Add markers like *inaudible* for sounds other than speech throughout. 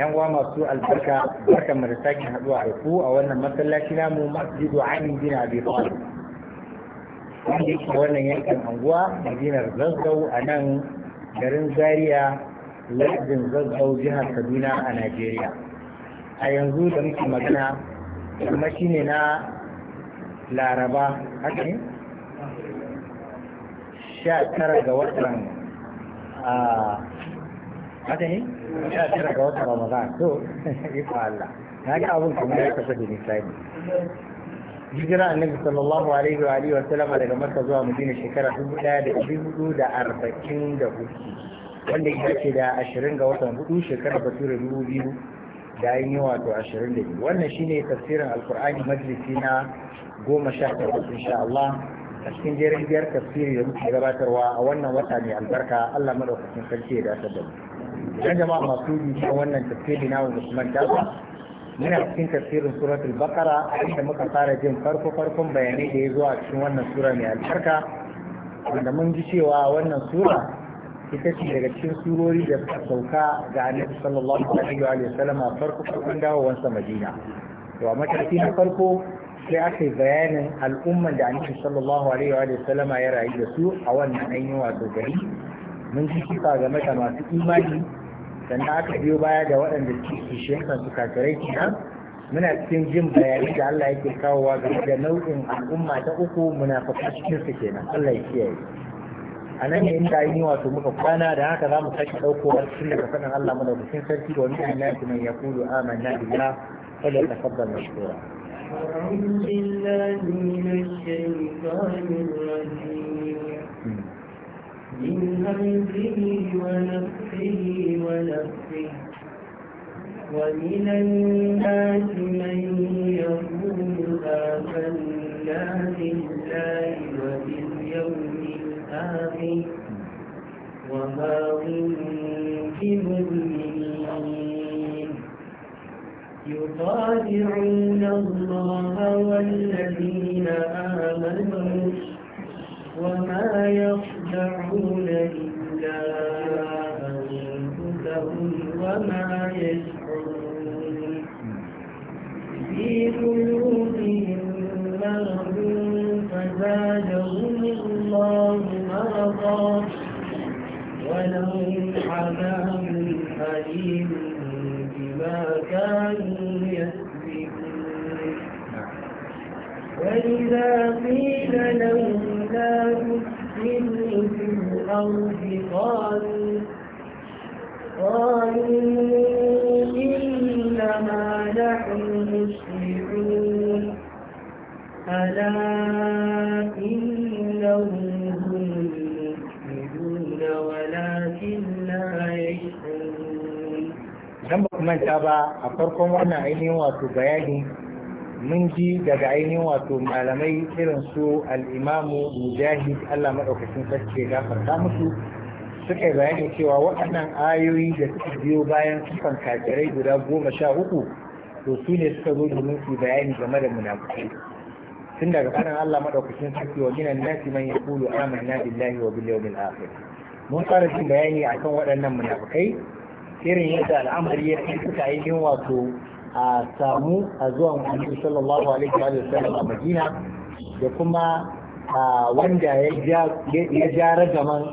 yan uwa masu albarka barkan mu da sake haduwa a ku a wannan masallaci namu masjidu ali bin abi talib wanda yake wannan yankin anguwa madinar zazzau a nan garin zaria lardin zazzau jihar kaduna a najeriya a yanzu da muke magana kuma shine na laraba haka ne sha tara ga watan ah, haka ne ya tara ga watan ramadan to *laughs* iko Allah na ga abun kuma ya tafi da misali hijira annabi sallallahu alaihi wa alihi wa sallama daga makka zuwa madina shekara dubu daya da dubu da arba'in da hudu wanda ya ce da ashirin ga watan hudu shekara bature dubu biyu da an yi wato ashirin da biyu wannan shine tafsirin alkur'ani majalisi na goma sha takwas insha Allah a cikin jerin biyar tafsiri da muke gabatarwa a wannan wata mai albarka Allah madaukakin sarki ya dace da mu dan jama'a masu yi wannan tafsiri na wanda kuma dafa muna cikin tafsirin suratul baqara inda muka fara jin farko farkon bayanai da ya zo a cikin wannan sura mai albarka wanda mun ji cewa wannan sura ita ce daga cikin surori da suka sauka ga annabi sallallahu alaihi wa sallam a farko farkon dawowansa madina to a mataki na farko sai aka yi bayanin al'umman da annabi sallallahu alaihi wa sallama ya rayu da su a wannan ainihin wato gari mun ji kisa game da masu imani sannan aka biyo baya da waɗanda suke shekar su kakarai muna cikin jin bayani da Allah yake kawowa game da nau'in al'umma ta uku muna munafakai cikin su kenan Allah ya kiyaye a nan ne inda yi wato muka kwana da haka za mu sake ɗaukowa cikin daga faɗin Allah bikin sarki wa min annasi man yaqulu amanna billah fa la tafaddal mashkura أعوذ بالله من الشيطان الرجيم من همزه ونفسه ونفسه ومن الناس من يقول آمنا بالله وباليوم الآخر وما هم بمؤمنين يطالعون الله والذين آمنوا وما يخفون يدعون إلا أنفسهم وما يشعرون في قلوبهم مرض فزادهم الله مرضا ولهم عذاب أليم بما كانوا يكذبون وإذا قيل لهم لا الحوض قالوا قالوا إنما نحن مسلمون ألا إنهم هم المفسدون ولكن لا يشعرون. Dan ba kuma ta ba a farkon wannan ainihin wato bayani mun ji daga ainihin wato malamai irin su al'imamu mujahid Allah maɗaukacin sarki ya gafarta musu suka yi bayani cewa waɗannan ayoyi da suka biyo bayan sufan kafirai guda goma sha uku to su ne suka zo domin su bayani game da munafukai tun daga kanan Allah maɗaukacin sarki wa ginan nasi man yaqulu amanna billahi wa bil yawmil akhir mun fara jin bayani akan waɗannan munafukai irin yadda al'amari ya kai suka ainihin wato a samu a zuwan Muhammadu sallallahu alaihi wa sallam a Madina da kuma wanda ya ja ragaman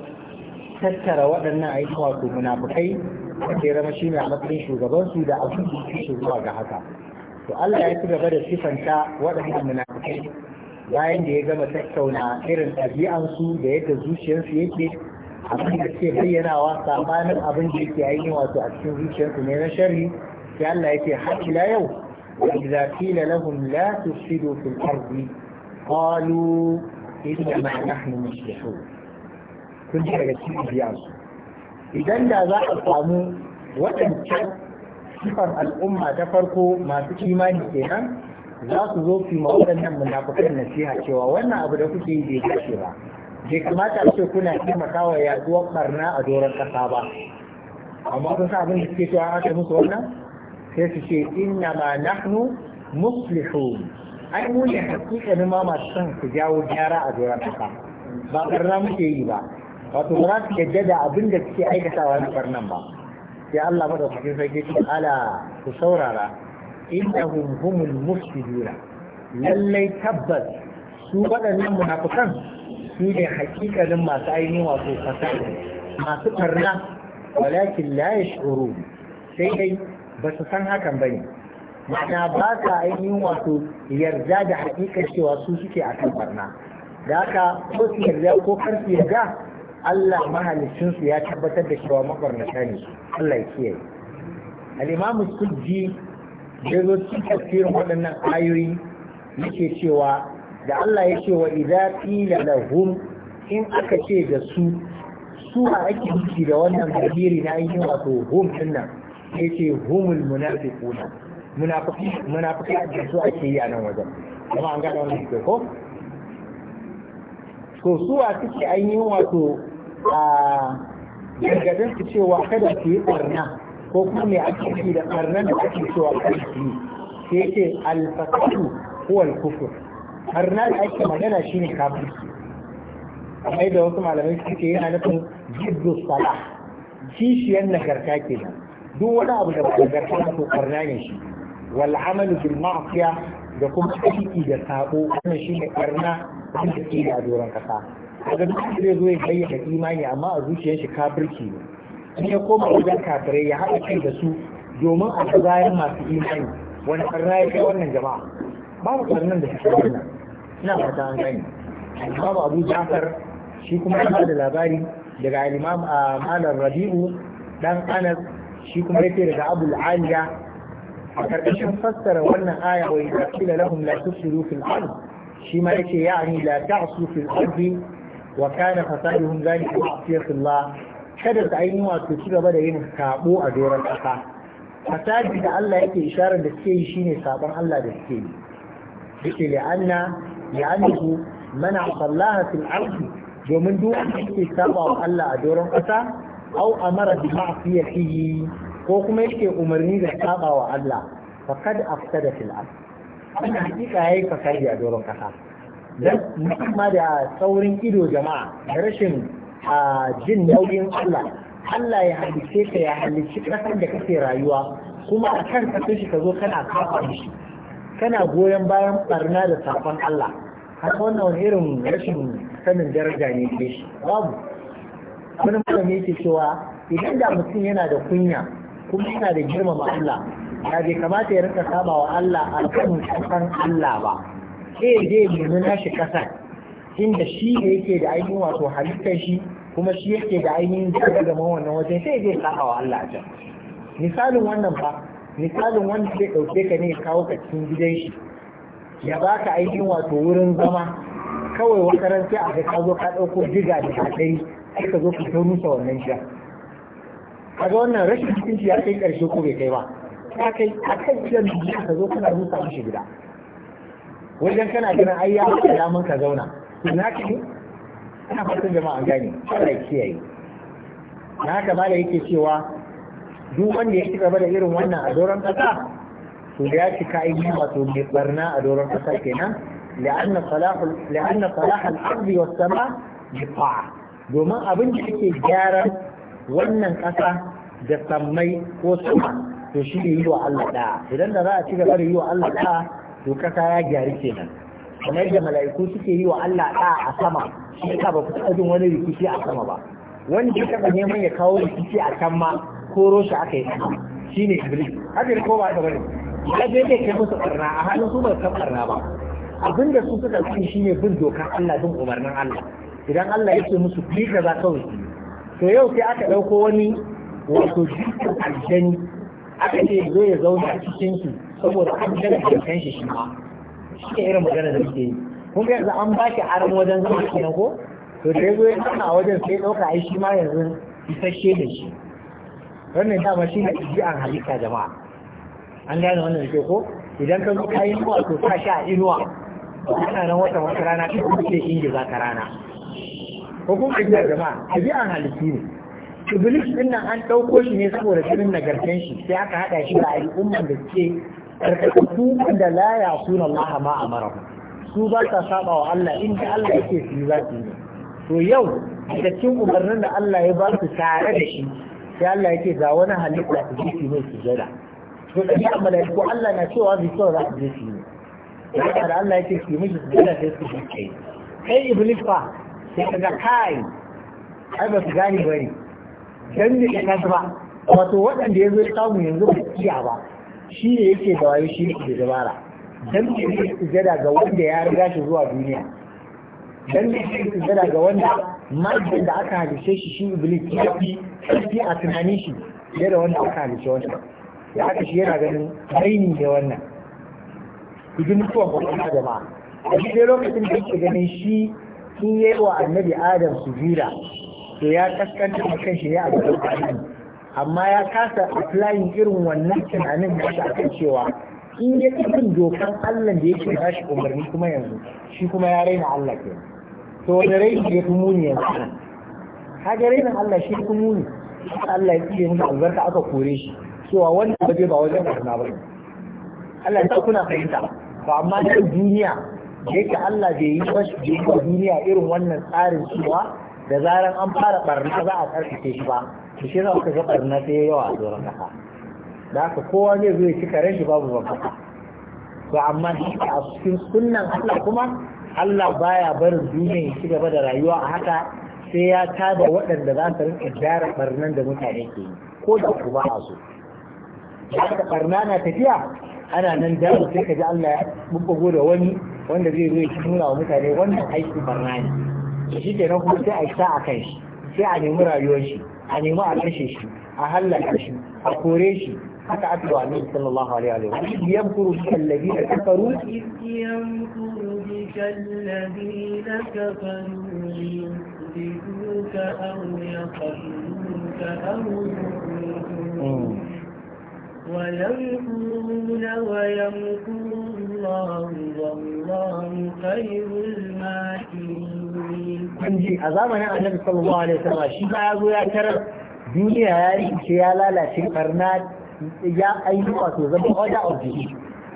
tattara waɗannan aiki wato munafukai wanda ya rama shine a matsayin shugabansu da abin da su zuwa ga haka to Allah ya ci gaba da sifanta waɗannan munafukai bayan da ya gama tattauna irin ɗabi'ansu da yadda zuciyarsu yake abin da ke bayyanawa sabanin abin da yake ainihin wato a cikin zuciyarsu ne na sharri sai Allah yake har ila yau idza qila lahum la tusidu fil ardi qalu inna ma nahnu muslihun kun ji daga cikin biyansu idan da za a samu waɗancan sifar al'umma ta farko masu imani kenan za su zo su ma waɗannan munafukan nasiha cewa wannan abu da kuke yi bai dace ba bai kamata a ce kuna taimakawa yaduwar barna a doron ƙasa ba amma kun sa abin da suke cewa aka musu wannan sai su ce inna ma nahnu muslihun ai mu ne hakikanin ma masu son su jawo gyara a doron kasa ba karna muke yi ba wato ba za su yadda da abin da suke aikatawa na karnan ba sai Allah madaukakin sarki ce ala ku saurara innahum humul mufsiduna lallai tabbas su waɗannan munafukan su ne hakikalin masu ainihin wato fasadi masu karna walakin la yash'urun sai dai ba su san hakan ba ne ma'ana ba sa ainihin wato yarda da hakikar cewa su suke a kan barna da haka ko su yarda ko kar su yarda Allah mahalicinsu ya tabbatar da cewa mabarnata ne Allah ya kiyaye al-imamu sujji da zo cikin waɗannan ayoyi yake cewa da Allah ya ce wa idza qila lahum in aka ce da su su a ake nufi da wannan kabiri na ainihin wato hum din nan yake humul munafiquna munafiqi munafiqi da su ake yi a nan wajen kuma an gada wannan ke ko to suwa suke ainihin wato a gargadin su cewa kada su yi barna ko kuma mai ake yi da barnan da ake cewa kada su yi sai yake alfasatu ko alkufur barna da ake magana shine kafirci amma da wasu malamai suke yana nufin jiddu salah kishiyar nagarta kenan duk wani abu da ba da kana to karna ne shi wal amalu bil ma'siya da kuma aiki da sabo wannan shine karna wanda ke da doron kasa kaga duk zai zo ya bayyana imani amma a zuciyar shi kafirci ne in ya koma wajen kafirai ya haɗa kai da su domin a bayan masu imani wani karna ya kai wannan jama'a babu karnan da suke wannan ina fata an gani babu abu jafar shi kuma ya da labari daga imam ah, malam rabi'u dan anas shi kuma yake daga abu aliya a karkashin fassara wannan aya wa idza qila lahum la tufsidu fil ard shi ma yake ya'ni la ta'su fil ard wa kana fasaduhum zalika ma'siyatillah kada su ainihin wato ci gaba da yin sabo a doron kasa fasadi da Allah yake isharar da suke yi shine sabon Allah da suke yi yake ya li'annahu mana sallaha fil ard domin duk wanda yake saba wa Allah a doron kasa au amara bi ma'siyatihi ko kuma yake umarni da saba wa Allah faqad afsada fil ard wannan hakika yayi fasadi a doron kasa dan musamman da saurin ido jama'a da rashin jin nauyin Allah Allah ya halice ka ya halice kasar da kake rayuwa kuma a kan ka shi ka zo kana kafa shi kana goyon bayan barna da sakon Allah har wannan irin rashin sanin daraja ne ke shi babu wani malami yake cewa idan da mutum yana da kunya kuma yana da girmama Allah ya bai kamata ya rinka saba wa Allah a kan kasan Allah ba sai je nemi nashi kasar inda shi ne yake da ainihin wato halittar shi kuma shi yake da ainihin daga gama wannan waje sai je saba wa Allah can misalin wannan ba, misalin wanda zai ɗauke ka ne kawo ka cikin gidan shi ya baka ainihin wato wurin zama kawai wata ran sai a ka zo ka ɗauko diga da haɗari sai ka zo ku ta wannan gida kaga wannan rashin cikin ya kai karshe ko bai kai ba ka kai a kan gidan da ka zo kana rusa mishi gida wajen kana ganin ai ya ka daman ka zauna to na ka ne ina fatan jama'a gani, Allah ya kiyaye na haka ba da yake cewa duk wanda ya ci gaba da irin wannan a doron kasa to da ya cika aiki wato mai barna a doron kasa kenan لأن صلاح la'anna salahul ardi sama domin abin da ake gyaran wannan ƙasa da sammai ko sama to shi ne yi wa Allah ɗaya idan da za a ci gaba da yi wa Allah ɗaya to kasa ya gyaru kenan kamar da mala'iku suke yi wa Allah ɗaya a sama shi ka ba ku taɓa jin wani rikici a sama ba wanda ya taɓa neman ya kawo rikici a can ma ko roshi aka yi shi ne iblis haka ne ko ba ta bane ya je ne kai musu ɓarna a halin su ba san ɓarna ba abinda su suka fi shi ne bin dokar Allah bin umarnin Allah idan Allah yake musu ku za kawai to yau sai aka ɗauko wani wato jikin aljani aka ce zo ya zauna a cikin su saboda an gana da kan shi shi ma shi ne irin magana da muke yi kun ga yanzu an baki aron wajen zama kenan ko to da zo ya zama a wajen sai ɗauka ai shi ma yanzu isasshe da shi wannan dama shi ne ɗabi'an halitta jama'a an gane wannan ke ko idan ka zo kayan wato ka sha inuwa a nan wata wata rana ka ce ingiza ka rana ko kuma ajiyar jama'a ajiyar halittu ne iblis din nan an ɗauko shi ne saboda shirin nagartan shi sai aka haɗa shi da al'umman da suke karkatattu da la ya suna Allah ma amara su ba ta saba wa Allah inda Allah yake su yi za su yi to yau da cikin umarnin da Allah ya ba su tare da shi sai Allah yake ga wani halitta su ji su mai sujada to da ya malaiku Allah na cewa bi so za su je su yi da Allah yake su yi mishi sujada sai su ji kai iblis fa sai ka ga kai ai ba su gane bane dan ne ka ba wato waɗanda ya zo ya samu yanzu ba iya ba shi ne yake da wayo shi ne da dabara dan ne yake sujada ga wanda ya riga shi zuwa duniya dan ne yake sujada ga wanda majin da aka halice shi shi iblis ya fi ƙarfi a tunanin shi fiye da wanda aka halice wannan Ya aka shi yana ganin raini ne wannan idin mutuwan kwakwalwa jama'a a shi lokacin da yake ganin shi sun yi wa annabi adam su jira to ya kaskanta kan shi ya a gaban adam amma ya kasa applying irin wannan tunanin da aka akan cewa in ya cikin dokan Allah da yake ba shi umarni kuma yanzu shi kuma ya raina Allah ke to da raini ya fi muni yanzu ga rainin Allah shi fi muni Allah ya tsire mu albarka aka kore shi cewa wannan waje ba wajen barna ba Allah ya kuna fahimta to amma da duniya da Allah bai yi ba shi duniya irin wannan tsarin cewa da zaran an fara barna za a ke shi ba to shi za ka ga barna sai yawa a doron kasa da haka kowa zai zo ya ci karen shi babu kasa. to amma shi a cikin sunnan Allah kuma Allah baya barin duniya ya ci gaba da rayuwa a haka sai ya tada waɗanda za su rinka gyara barnan da mutane ke yi ko da ku ba a so. Da barna na tafiya ana nan da sai ka ji Allah ya bubbugo da wani wanda zai zo ya nuna wa mutane wannan aiki barna ne to shi kenan kuma sai a yi a kan shi sai a nemi rayuwar shi a nemi a kashe shi a hallaka shi a kore shi haka aka yi wa annabi sallallahu alaihi wa sallam yamkuru bi alladhina kafaru yamkuru bi alladhina kafaru يُخْرِجُوكَ أَوْ يَقَتِلُوكَ أَوْ يُخْرِجُوكَ ويمكرون ويمكر الله والله خير الماكرين kunji a zamanin annabi sallallahu alaihi wasallam shi ya zo ya tarar duniya ya rikice ya lalace karna ya aiki wato zama order of the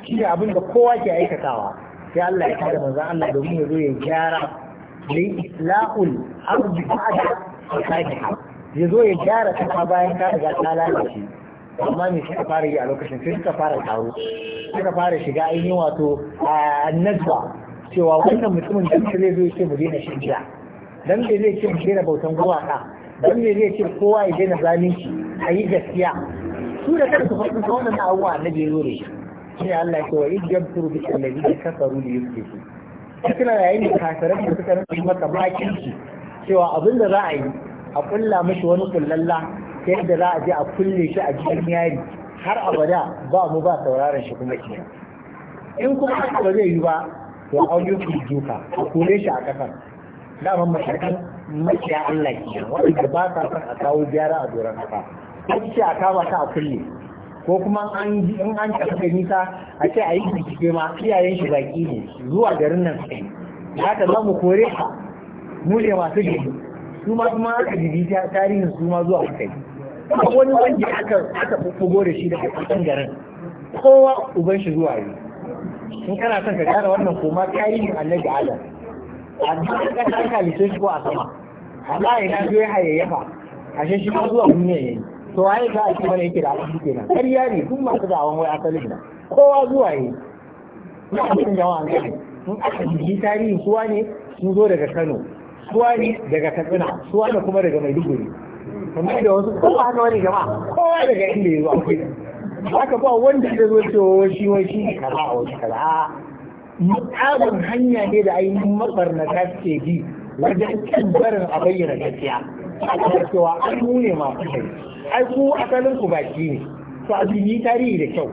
shi ne abin kowa ke aikatawa sai Allah ya kada manzon Allah domin ya zo ya gyara li islahul ardi ba'da ya zo ya gyara ta bayan ta riga lalace amma me suka fara yi a lokacin sai suka fara taro suka fara shiga ainihin wato a nazwa cewa wannan mutumin da zai ce mu daina shan giya dan me zai ce mu daina bautan gumaka dan me zai ce kowa ya daina zalunci a yi gaskiya su da kansu fa sun wannan abubuwa annabi ya zo da shi sai Allah ya ce wa idjab turu bi da kafaru li yusbihu suna yayin da kafiran da suka rinka maka bakin cewa abin da za a yi a kulla mashi wani kullalla ta yadda za a je a kulle shi a cikin yari har abada ba mu ba sauraron shi kuma kenan in kuma haka ba zai yi ba to an yi ku duka a kore shi a kasar daman matakan makiya Allah ke wanda ba sa son a kawo gyara a doron kafa ko ce a kama ta a kulle ko kuma an in an tafi nisa a ce a yi bincike ma iyayen shi baki ne zuwa garin nan sai haka za mu kore ka mu ne masu gidi su ma kuma aka jibi tarihin su ma zuwa kai ba wani wanda aka aka fugo da shi daga cikin garin kowa uban shi zuwa yi in kana son ka gane wannan koma kayi ne annabi adam a duk kasa an kalice shi ko a sama amma ina zo ya hayayyafa ashe shi ma zuwa duniya yayi to waye za a ce mana yake da abin kenan ƙarya ne duk masu zawon wai asalin da. kowa zuwa yi na cikin jama'a an gane in aka jiki tarihi suwa ne sun zo daga Kano suwa ne daga Katsina suwa ne kuma daga Maiduguri kamar da wasu ko ba haka wani jama'a kowa daga inda ya zo akwai haka ba wanda ya zo cewa shi wai shi kaza a wasu kaza mutabin hanya ne da ainihin mabarnata suke bi wajen kin barin a bayyana gaskiya a kan cewa an nune masu kai ai ku asalin ku baki ne to a yi tarihi da kyau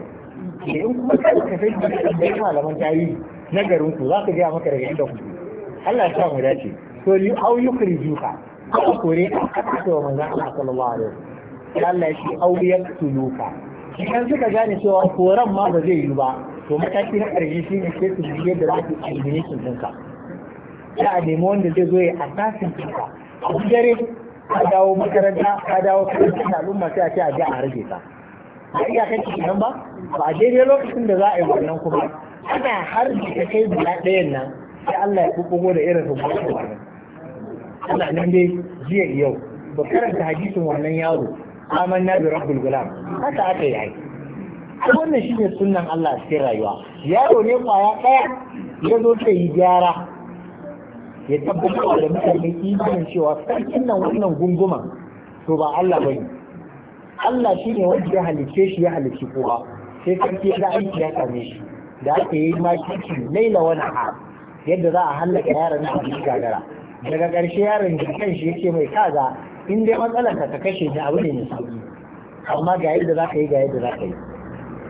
da in kuma kai ka sai da tambayi malaman tarihi na garin ku za ka gaya maka daga inda ku Allah ya sa mu dace so you how you can do that aka kore aka ce wa manzon Allah sallallahu alaihi wasallam Allah ya ce auriyar tuluka idan suka gane cewa koran ma ba zai yi ba to mataki na karshe shi ne sai su biyar da za su elimination ɗinka za a nemi wanda zai zo ya assassin ɗinka a dare ka dawo makaranta ka dawo na al'umma sai a ce a ji a rage ka a iya kai ciki nan ba ba a daidai lokacin da za a yi wannan kuma ana har da kai guda ɗayan nan sai Allah ya kuɓugo da irin rubutu wannan tana nan dai jiya yau ba karanta hadisin wannan yaro amanna bi rabbul gulam haka aka yi wannan shine sunnan Allah a cikin rayuwa yaro ne kwaya daya ya zo ta yi gyara ya tabbatar da mutane imanin cewa sarkin nan wannan gunguma to ba Allah bane Allah shine wanda ya halicce shi ya halicci kowa sai sarki ya ga aiki ya same shi da aka yi ma kiki laila wani ha yadda za a hallaka yaran nan a gagara daga ƙarshe yaron da kan shi yake mai kaza in dai matsalar ka kashe da abu ne mai sauki amma ga yadda za ka yi ga yadda za ka yi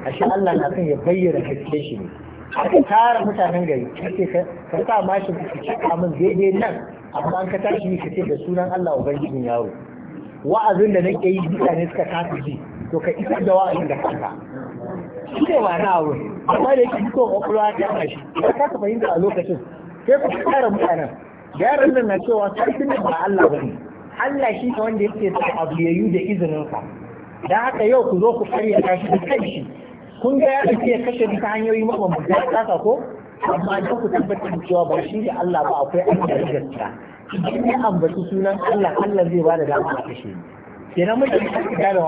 ashe Allah na son ya bayyana gaske shi ne aka tara mutanen gari kace ka sa mashin ka cika min daidai nan amma an ka tashi ka ce da sunan Allah ubangijin yaro wa'azin da nake yi mutane suka kasa ji to ka isa da wa'azin da kanka shi ne ba na abu amma da yake duka kwakwalwa ta kashi ka kasa fahimta a lokacin sai ku tara mutanen yaron nan na cewa sarkin ba Allah ba ne Allah shi ne wanda yake sa abu yayu da izinin sa da haka yau ku zo ku karya tashi da shi?" kun ga ya ɗauke kashe duka hanyoyi mabambanta ya tsaka ko amma da ku tabbatar cewa ba shi ne Allah ba akwai an da gaskiya idan ya ambaci sunan Allah Allah zai ba da dama a kashe kenan mutane sai su gane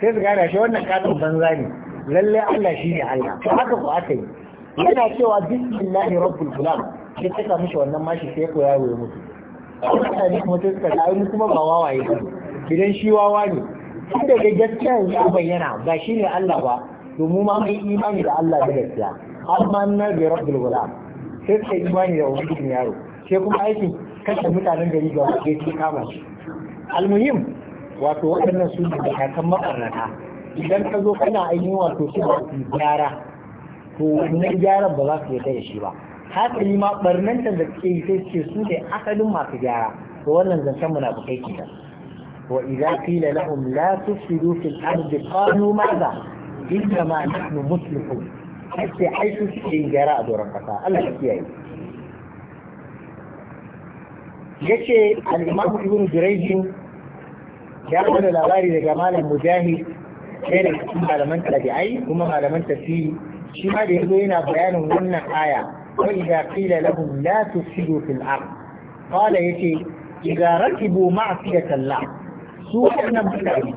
sai su gane shi wannan katon banza ne lalle Allah shi ne Allah to haka ku aka yi yana cewa bismillahir rabbul gulam sai ta samu shi wannan mashi sai ko yaro ya mutu mutane kuma sai suka ga ni kuma ba wawaye ba gidan shi wawa ne tun da gaggaskiya yanzu a bayyana ba shi ne Allah ba domin ma mai imani da Allah da gaskiya har na bi rabbul gulam sai suka imani da ubangijin yaro sai kuma aikin kashe mutanen gari ga wace ke kama shi almuhim wato waɗannan su ne matakan makarnata idan ka zo kana ainihin wato shi ba su gyara to wannan gyaran ba za su yi ta shi ba hasali ma barnan da suke yi sai ce su ne asalin masu gyara to wannan zancen munafukai kenan wa idza qila lahum la tufsidu fil ardi qalu madha inna ma nahnu muslihun sai ai su suke yin gyara a doron kasa Allah ya kiyaye yace al-imam ibn jurayj ya bada labari daga malam mujahid sai daga cikin malaman tabi'ai kuma malaman tafsiri shi ma da yazo yana bayanin wannan aya وإذا قيل لهم لا تفسدوا في الأرض قال يتي إذا ركبوا معصية الله سوء أن مكاني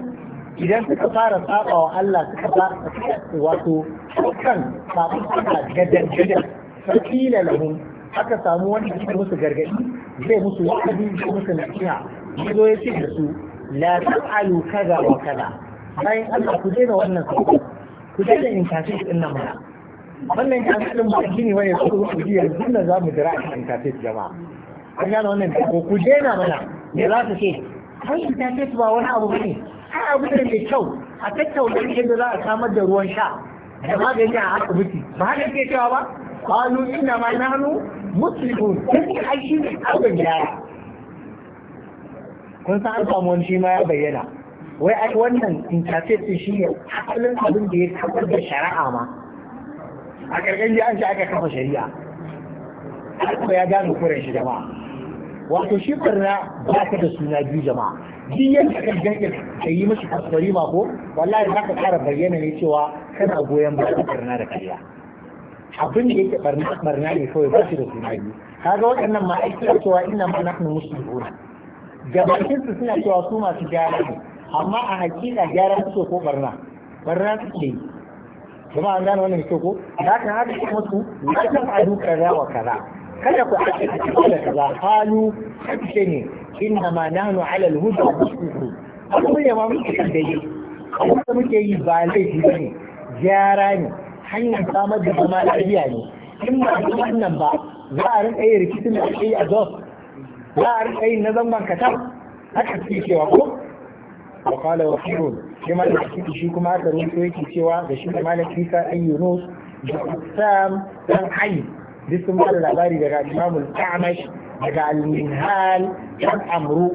إذا تتقار ساقا وألا تتقار واتو شكرا ساقا جدا جدا فقيل لهم aka samu wani cikin musu gargaɗi zai musu wa'azi zai musu nasiha ya zo ya ce da su la ta'alu wa kaza bayan Allah ku daina wannan ku daina in wannan kafin ba gini wani su ku ku yanzu nan za mu jira a cikin kafin jama'a an gane wannan ko ku daina mana me za ku ce kai kafin ba wani abu bane har abu ne mai kyau a tattauna yadda za a samar da ruwan sha da magani a asibiti ba haka ke cewa ba qalu inna ma nahnu muslimun ai shi ne abin ya kun san an samu wani shi ma ya bayyana wai ai wannan interface shi ne asalin abin da ya kafar da shari'a ma a ƙarƙashin an shi aka kafa shari'a kuma ya gano kuren shi jama'a wato shi barna ba ka da suna biyu jama'a duk yadda ka gangan ka yi mashi kasuwari ma ko wallahi za ka ƙara bayyana ne cewa kana goyon ba ka barna da karya abin da yake barna ne kawai ba shi da suna biyu kaga waɗannan ma aiki suna cewa ina ma nahnu muslimuna gabatin su suna cewa su masu gyara ne amma a hakika gyara su ko barna barna suke yi kuma an gane wannan ko Za ka haka shi musu ya san adu kaza wa kaza kada ku a cikin da kaza halu kace ne inna ma na ala al-huda wa al-huquq abu ne ma muke kan dai abu da muke yi ba laifi ne, gyara ne hanyar samar da zama lafiya ne in ba wannan ba za a rinka yin rikicin da ake yi a jos za a rinka yin na zangon katar haka suke cewa ko وقال وحيد sai malam asiri shi kuma aka rubuto yake cewa da shi da malam isa an yunus da usam dan hayi duk sun bada labari daga imamul ta'amash daga al-minhal dan amru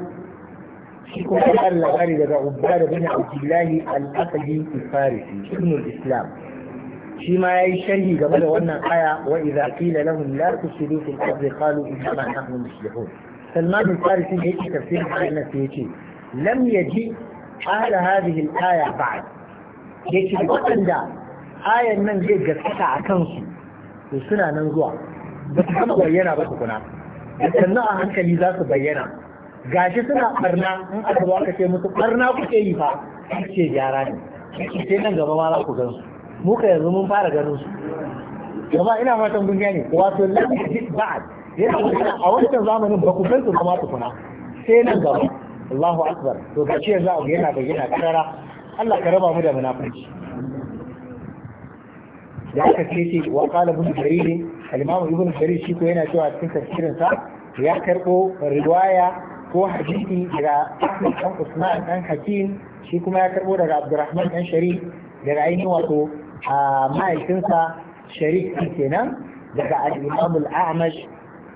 shi kuma ya bada labari daga ubba da bin abdullahi al-asadi al-farisi ibnul islam shi ma ya yi sharhi game da wannan aya wa idza qila lahum la tusidu fil ardi qalu inna nahnu muslihun salman al-farisi yake tafsirin ayat nan sai yace lam yaji ala hadhihi al-aya ba'd yake waɗanda ayan nan zai gaskata a kansu to suna nan zuwa ba su ba tukuna sannu a hankali za su bayyana gashi suna barna in aka zo aka ce musu barna kuke yi fa ce gyara ne sai nan gaba ma za ku gan su yanzu mun fara ganin su ina fatan kun gane wato lafi ba'd yana a wancan zamanin ba ku san su ma tukuna sai nan gaba Allahu akbar to ga ce za a yana bayyana karara Allah ka raba mu da munafiki da aka ce shi wa qala ibn jarir al-imam ibn jarir shi ko yana cewa cikin tafsirin sa ya karbo riwaya ko hadisi daga Ahmad dan Usman dan Hakim shi kuma ya karbo daga Abdurrahman dan Sharif daga ainihin wato a sa Sharif kenan daga al-imam al-A'mash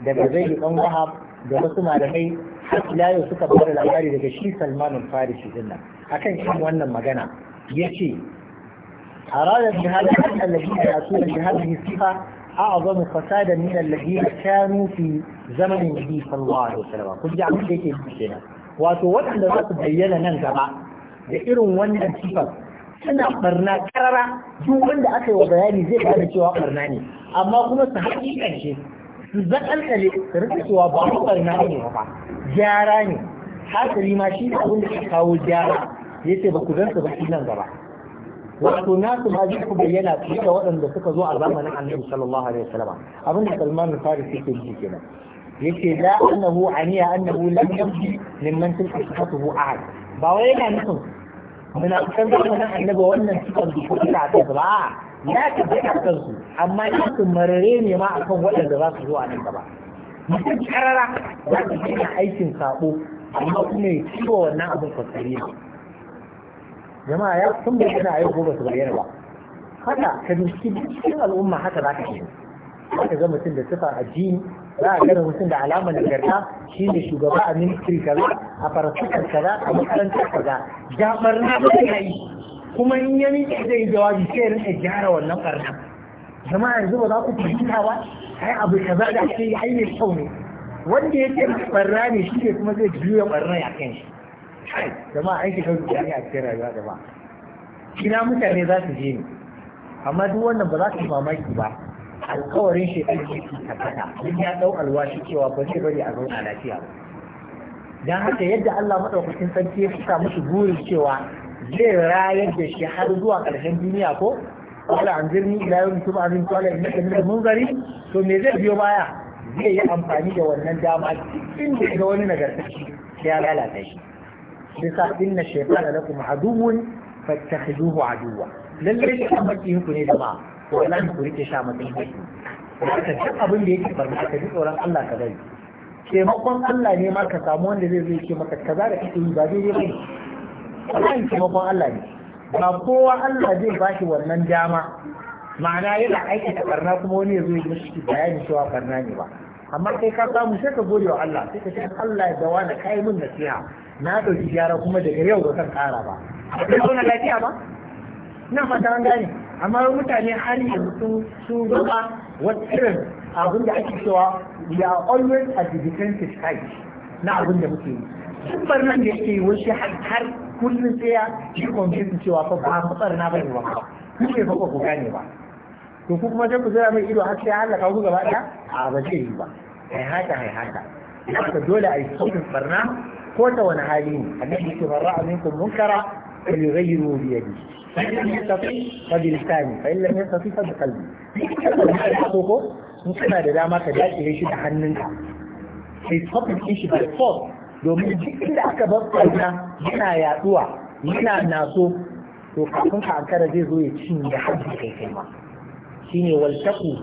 daga Zaid dan Wahab da wasu malamai ila yau suka bada labari daga shi salmanin farisi din nan akan kan wannan magana ya ce أراد بهذا أن الذين يأتون بهذه الصفة أعظم فسادا من الذين كانوا في زمن النبي صلى الله عليه وسلم قل جعلوا شيء كيف wato waɗanda za su bayyana nan gaba da irin wannan sifar suna barna karara duk wanda aka yi wa bayani zai gane cewa barna ne amma kuma su haƙiƙance su zan alƙale su rika cewa ba a barna ne ba gyara ne hasali ma shi ne abin da ke kawo gyara ya ce ba ku zan su ba nan gaba wato nasu ma ku bayyana fiye da waɗanda suka zo a zamanin annabi sallallahu alaihi wasallam abin da salman ke yake ji kenan yake la annahu aniya annahu lam yabdi mimman tilka sifatuhu ahad ba wai yana nufin munafikan zamanin annabi wannan sifar da kuka ta ba ya tafi a kansu amma ya su marare ne ma akan waɗanda za su zo a nan gaba mutum karara za su daina aikin sabo amma kuma ya ciwo wannan abin kwakwari ne jama'a ya sun bayyana a yau gobe su bayyana ba haka ka binciki cikin al'umma haka za ka yi za ka ga mutum da sifa a jini za a gane mutum da alamar nagarta shi ne shugaba a ministry kaza a farasukar kaza a makarantar kaza jabar na mutum yi kuma in ya miƙe zai jawabi sai ya rinka gyara wannan ɓarna Zama yanzu ba za ku fahimta ba ai abu kaza da ake yi ai kyau ne wanda yake ɓarna ne shi ne kuma zai juya ɓarna ya kan shi jama'a an shiga zuciya ne a cikin rayuwa jama'a ina mutane za su je ne amma duk wannan ba za su mamaki ba alkawarin shi ɗan ke tabbata duk ya ɗau alwashi cewa ba zai bari a zauna lafiya ba dan haka yadda Allah madaukakin sarki ya sa musu burin cewa zai rayar da shi har zuwa ƙarshen duniya ko wala an zirni ila yau mutum azin kwallon ina da mun gari, to me zai biyo baya zai yi amfani da wannan dama cikin da ga wani nagartacci ya lalata shi sai sa inna shaytana lakum aduwwun fattakhiduhu aduwwa lalle shi kan baki ku ne da ba, jama'a wallahi ku rike sha matsayin ku ka duk abin da yake barna ka ji tsoron Allah ka bari taimakon Allah ne ma ka samu wanda zai zai ce maka kaza da kake yi ba zai yi ba wannan taimakon Allah ne ba kowa Allah zai ba shi wannan dama ma'ana yana aiki aikata karna kuma wani ya zo ya mishi bayani cewa karna ne ba amma kai ka samu sai ka gode wa Allah sai ka ce Allah ya dawa na kai min nasiha na dauki gyara kuma daga yau ba zan kara ba akwai zauna lafiya ba ina fata an gane amma mutane har yanzu sun zama wata irin abin da ake cewa ya always at the defensive side na abin da muke yi duk nan da yake wuce har kullum sai ya yi kwamfin cewa fa ba matsar na bane ba ku ne fa ku gane ba to ku kuma sai ku zira mai ido har sai ya halaka ku gaba ɗaya a ba zai yi ba kai haka kai haka haka dole a yi sautin barna ko ta wani hali ne annabi yake barra aminkum munkara فليغيروا بيده فإن لم يستطع فبلسانه فإن لم يستطع فبقلبه in kana da dama ka dace shi da hannunka sai tsofin shi by force domin duk inda aka bar barna yana yaduwa yana naso to kafin ka ankara zai zo ya cinye hajji kai kai ma Shi ne waltaku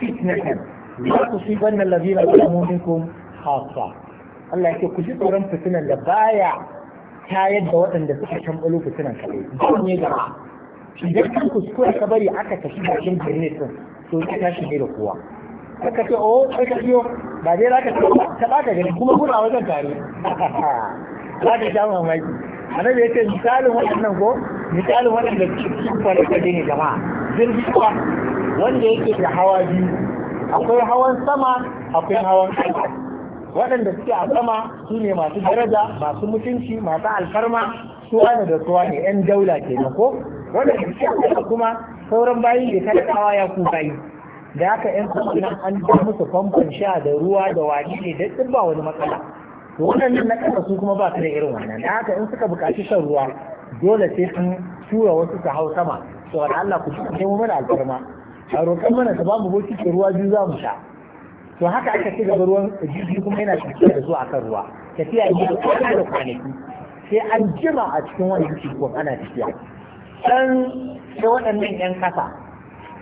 fitnatan la tusibanna allazina zalamu minkum khassa Allah yake ku ji tsoron fitinan da baya tayar da waɗanda suka tambalo fitinan kaɗai. don ne gaba idan kan kuskure ka bari aka tafi bakin birnin to ka tashi ne da kowa ka ce o oh, sai ka biyo ba dai zaka ce ka zaka gani kuma kuna wajen tare *laughs* za ka sha mamaki annabi yace misalin waɗannan ko misalin waɗanda cikin kwalifadi ne jama'a jirgin kuwa wanda yake da hawa biyu akwai hawan sama akwai hawan ƙasa waɗanda suke a sama su ne masu daraja masu mutunci masu alfarma su suwane da suwane yan daula kenan ko waɗanda suke a kuma sauran bayi da talakawa ya ku bayi da haka yan nan an ba musu famfon sha da ruwa da wani ne da duk ba wani matsala to waɗannan na ƙasa su kuma ba su da irin wannan da haka in suka buƙaci shan ruwa dole sai sun tura wasu su hau sama to Allah ku ci kuma mana alfarma a roƙon mana ta ba mu ke ruwa biyu za mu sha to haka aka ci gaba ruwan jirgi kuma yana tafiya da zuwa akan ruwa tafiya ne da kwana da kwanaki sai an jima a cikin wani ko ana tafiya dan sai waɗannan ƴan kasa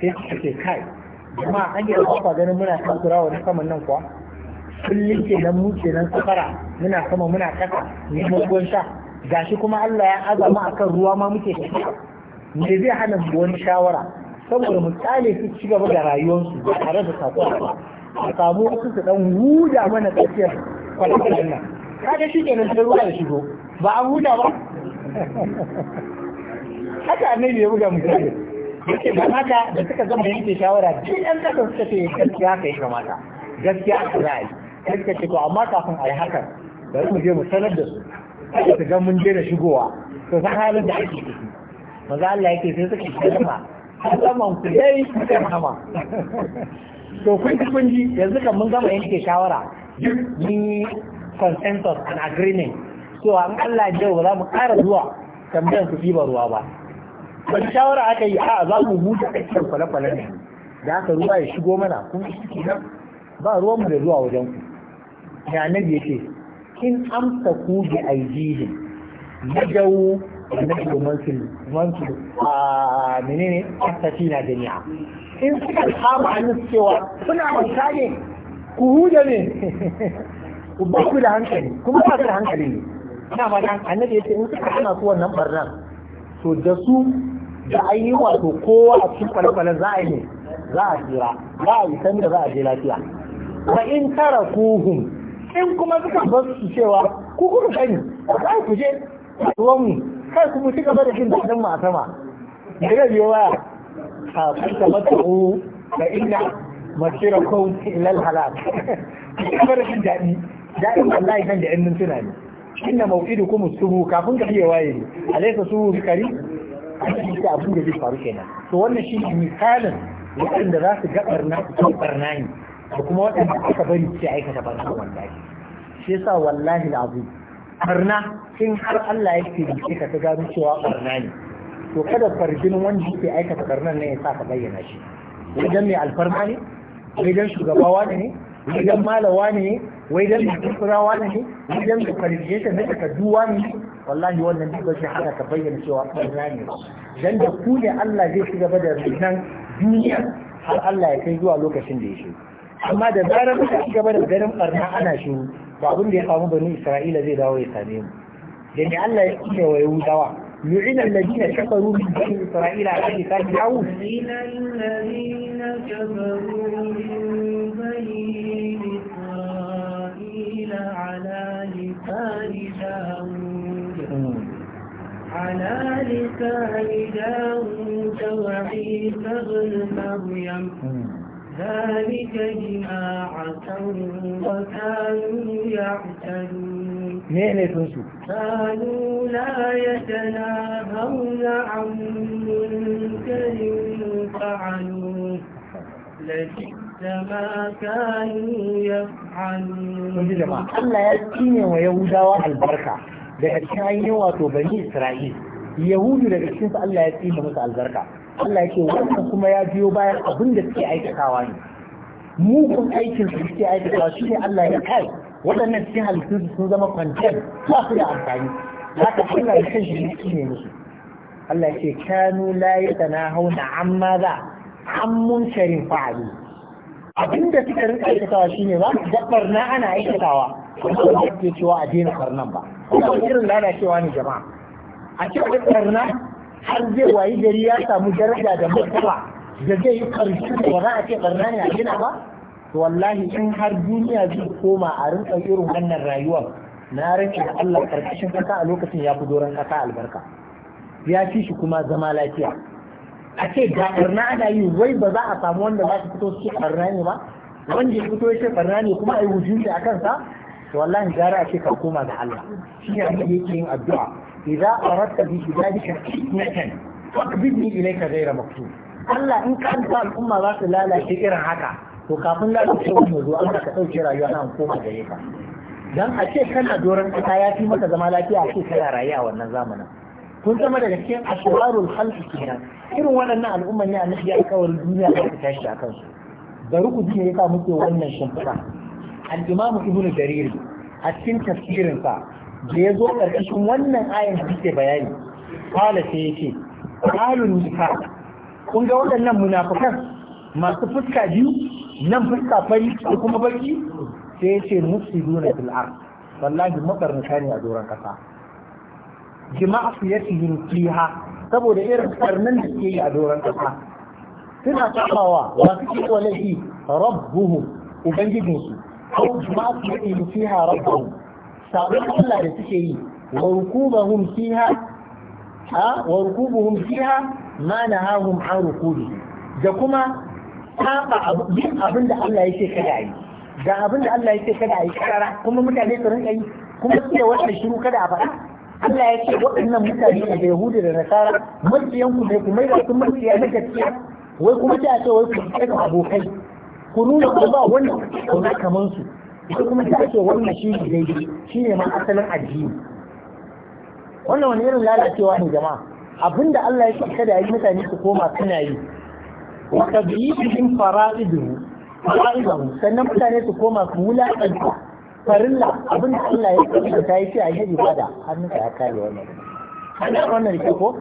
sai suka ce kai amma hanyar kafa ganin muna takura wani saman nan kuwa kullum nan mu nan safara muna sama muna kasa neman ruwan sha gashi kuma Allah ya azama akan ruwa ma muke tafiya me zai hana wani shawara saboda mu tsale su ci gaba da rayuwarsu ba tare da takura ba a samu wasu su dan huda mana tsakiyar kwalakwalen nan kaga shi ke sai ruwa ya shigo ba an huda ba *laughs* haka annabi ya buga mutane yake da haka da suka zama yanke shawara duk ɗan ƙasa suka ce gaskiya ka yi ga mata. gaskiya ka za a yi suka ce to amma kafin a yi hakan bari mu je mu sanar da su kada su ga mun je da shigowa to san halin da ake ciki maza Allah yake sai suka shiga sama saman ku dai kuka sama to kun ji kun ji yanzu kan mun gama yanke shawara ni consensus and agreement so an Allah ya ba za mu ƙara zuwa tambayan ku ba ruwa ba wani shawara aka yi a za mu buɗe a kwale-kwale ne da aka ruwa ya shigo mana kun shi ba ruwanmu da zuwa wajen ku da ya ce in amsa ku bi aljihi na jawo na domin mansu a menene tafi na jami'a in suka kama hannun cewa kuna bauta ne ku huda ne ku ba ku da hankali kuma ba da hankali ne na ma da ya ce in suka hana su wannan barnan to da su da an yi wato kowa a cikin kwale kwale za a yi za a tsira za a yi san da za a je lafiya Ba in tara kuhun in kuma suka bar su cewa ku ka sani za ku je ruwan mu kai ku mutu gaba da jin daɗin ma sama daga biyo waya a kuka mata u da inna masira ko ilal halal *laughs* gaba da jin daɗi daɗin wallahi kan da ƴan mintuna ne inna kuma suru kafin ka iya waye ne alaysa suru bikari aiki ta abin da zai faru kenan to wannan shi ne misalin waɗanda za su ga barna su barna ne da kuma waɗanda suka bari su aikata barna wallahi shi yasa wallahi alazim barna in har Allah yake da ka ta gano cewa barna ne to kada farjin wanda yake aikata barnan ne ya sa ka bayyana shi wajen mai alfarma ne wajen shugabawa ne idan malawa ne wai dan kusurawa ne wai ta qualification na takadduwa ne wallahi wannan duk bai hana ka bayyana cewa ƙarya ne dan da ku ne Allah zai ci gaba da rinan duniya har Allah ya kai zuwa lokacin da ya shi amma da zarar muka ci gaba da ganin barna ana shiru ba abin da ya samu bani Isra'ila zai dawo ya same mu da Allah ya ce wa Yahudawa لعن الذين كفروا من بني إسرائيل على لسان داوود لعن الذين كفروا من بني إسرائيل على لسان داوود على لسان داوود وعيسى بن مريم ذلك بما عصوا وكانوا يعتدون. كانوا لا يتناهون عن منكر فعلوه لبئس ما كانوا يفعلون الله يسكين ويهودا البركة daga cikin ainihin wato bani Isra'il Yahudu daga cikin su Allah ya tsima musu albarka Allah ya ce wannan kuma ya biyo bayan abin da suke aikatawa ne mugun aikin su suke aikatawa shi ne Allah ya kai waɗannan cikin halittu sun zama kwanciyar ba su da amfani haka Allah da kanshi ne ne musu Allah ce kanu la hauna amma za an munkarin fa'ali abinda suka rinka aikatawa shine ba su dabbar na ana aikatawa kuma ba ke cewa a daina karnan ba kuma irin lalacewa ne jama'a a ce cikin karna har zai wayi gari ya samu daraja da martaba da zai yi karshe ba za a ce karna ne a gina ba wallahi in har duniya zai koma a rinka irin wannan rayuwar na rinka da Allah karkashin kasa a lokacin ya fi doron kasa albarka ya fi shi kuma zama lafiya a ce ga barna ana yi wai ba za a samu wanda za su fito su ce barna ne ba wanda ya fito ya ce barna ne kuma a yi wujudi a kansa to wallahi gara a ce ka koma ga Allah shi ne abin da yake yin addu'a idza aradta bi ibadika fitnatan faqbidni ilayka ghayra maktub Allah in ka al'umma za su lalace irin haka to kafin lalacewar mu zo an ka ɗauke rayuwa na koma gare ka dan a ce kana doron kasa ya fi maka zama lafiya a ce kana rayuwa a wannan zamanin kun zama daga cikin ashwarul khalqi kenan irin waɗannan al'umman ne annabi ya alƙawarin duniya da ta tashi a kansu bari ku jiya ya sa muke wannan shimfiɗa al-imam ibn jarir a cikin tafsirin sa da ya zo ƙarƙashin wannan ayin da take bayani qala sai yace qalun nifaq kun ga waɗannan munafikan masu fuska biyu nan fuska fari ko kuma baki sai ya ce musu mufsiduna fil ard wallahi mabarnata ne a doron kasa jima'asiyatihim fiha saboda irin karnin da ke yi a doron kasa suna tabawa masu ke walahi rabbuhum ubangijinsu ko jima'asiyatihim fiha rabbuhum sabon Allah da suke yi wa وركوبهم فيها ها وركوبهم فيها ما نهاهم عن ركوبه da kuma saba yin abin da Allah ya ce kada a yi da abin da Allah ya ce kada a yi karara kuma mutane su rinka yi kuma su wannan shiru kada a faɗa Allah ya ce waɗannan mutane da Yahudu da Nasara maciyan ku ne ku mai da su maciya na gaskiya wai kuma ta ce wai ku tsaka abokai ku nuna ku ba wannan kauna kaman su wai kuma ta ce wannan shi ne daidai shi ne ma asalin addini wannan wani irin lalacewa ne jama'a abinda Allah ya ce kada a yi mutane su koma suna yi wa tabi'ihim fara'iduhu fara'iduhu sannan su koma su farilla abin da Allah ya kafa ta yi shi a yi ibada hannunka ya kare wannan hannun wannan da ko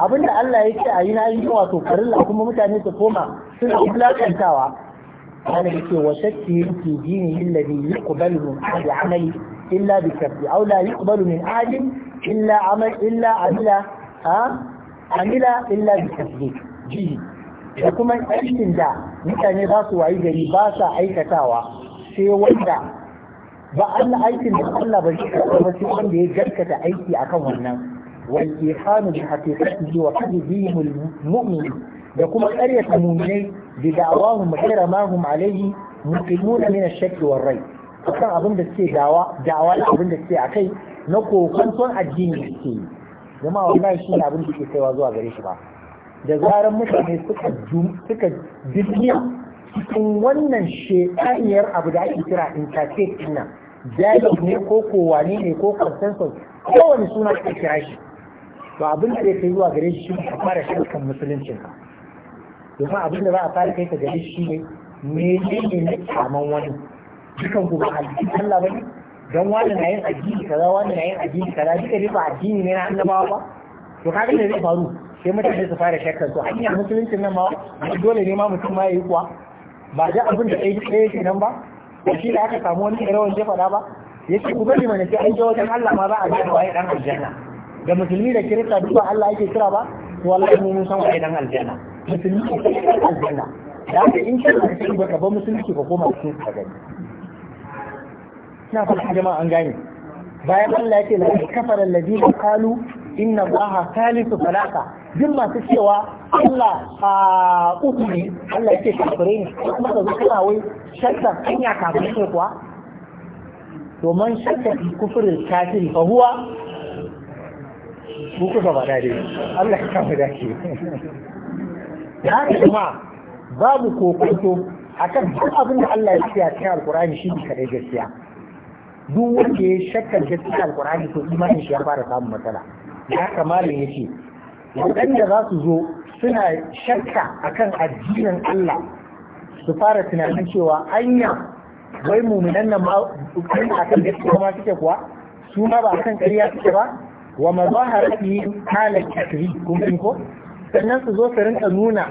abin da Allah ya ce a yi na yi wato farilla kuma mutane su koma suna wulaƙantawa قال يقول وشكهم في دينه الذي يقبل من أحد عمل إلا بالكفر أو لا يقبل من أحد إلا illa إلا عمل ها da kuma aikin da mutane za su wayi gari ba sa aikatawa sai wanda ba Allah aikin da Allah ba shi karɓa ba sai wanda ya gaskata aiki akan wannan wal ihanu bi haqiqatihi wa qadihi al mu'min da kuma ƙaryata mu'minai bi da'awahum wa kiramahum alayhi muqimuna min ash-shakk wal rai akan abin da suke dawa dawa abin da suke akai na kokon addini suke yi jama'a wallahi shi ne abin da ke kaiwa zuwa gare shi ba da zarar mutane suka suka bibiya cikin wannan shekaniyar abu da ake kira interfaith din nan dialog ne ko kowane ne ko consensus kowane suna ake kira shi to abin da zai kai zuwa gare shi a fara shirkan musuluncin ka domin abin da za a fara kai ka gare shi ne menene ne na kaman wani dukan ku ba addini Allah bane dan wani na yin addini kaza wani na yin addini kaza duka ne ba addini ne na annabawa ba to kaga ne zai faru sai mutane su fara shakkar su hanyar musulunci nan ma dole ne ma mutum ma yi kuwa ba da abin da ɗaya ɗaya ke nan ba Ko shi da aka samu wani rawan jefa ba ya ce ku bari mana sai an je wajen Allah ma za a gane waye dan aljanna ga musulmi da kirista duk ba Allah yake kira ba wallahi mun san waye dan aljanna musulmi ne dan aljanna da aka in kin da shi ba ka ba musulunci ka koma cikin ka gani ina fata jama'a an gane bayan Allah yake la kafara alladhina qalu inna allaha salisu salasa duk masu cewa Allah a ah, uku ne Allah yake kafire ne kuma ka zo kana wai shakka hanya kafin ne kuwa to man shakka kufurin kafiri fa huwa buku ba ba dai Allah ya kafa da da ya kuma babu kokoto akan duk abin da Allah ya ce a cikin alkur'ani shi ka dai gaskiya duk wanda ya shakka gaskiya alkur'ani to imanin shi ya fara samun matsala ya kamalin yake waɗanda za su zo suna shakka akan addinin Allah su fara tunanin cewa anya wai muminan nan ma akan gaskiya ma suke kuwa su ma ba akan ƙarya suke ba wa yi halal takri kun ko sannan su zo su rinka nuna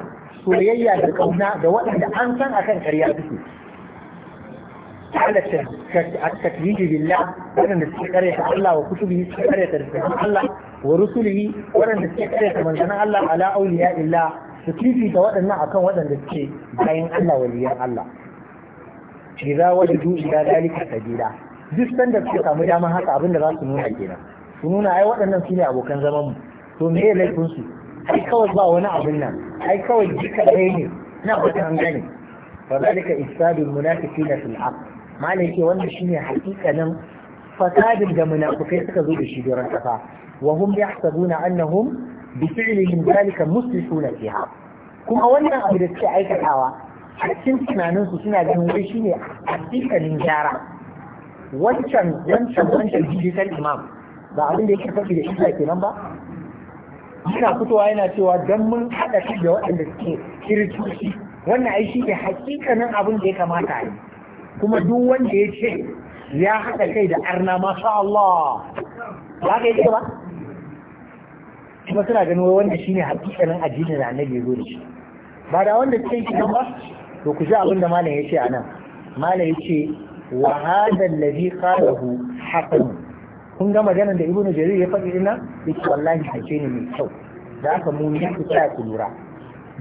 soyayya da kauna da waɗanda an san akan ƙarya suke على التكذيب بالله ولن استكرية الله وكتبه استكرية رسالة الله ورسله ولن Allah من جنى الله على أولياء waɗannan akan waɗanda suke, bayan Allah باين الله ولياء الله إذا وجدوا إلى ذلك سبيلا duk sanda suka samu dama haka abin da za su nuna kenan su nuna ai waɗannan su ne abokan zaman mu to me ya laifin su ai kawai ba wani abin nan ai kawai jika ɗaya ne na wata an gane zalika isadul munafiqina fil aqd malam ce wannan shine hakikanin fasadin da munafukai suka zo da shi doron kasa wa hum yahsabuna annahum bi fi'lihim zalika muslihuna fiha kuma wannan abu da suke aikatawa a cikin tunanin su suna ganin wai shine hakikanin gyara wancan wancan wancan digital imam ba abin da yake faɗi da shi kenan ba yana fitowa yana cewa don mun haɗa shi da waɗanda suke kiristoci wannan ai shi ne hakikanin abin da ya kamata a yi kuma duk wanda ya ce ya haɗa kai da arna masha Allah ba ka yi ba kuma suna ganin wanda wanda ne hakikanin addinin da annabi ya zo da shi ba da wanda yi shi ba to ku ji abin da malam ya ce a nan malam ya ce wa hada lafi qalahu haqqun kun ga maganar da ibnu jarir ya faɗi dinnan yace wallahi hace ne mai kyau da aka mu ne ku tsaya ku lura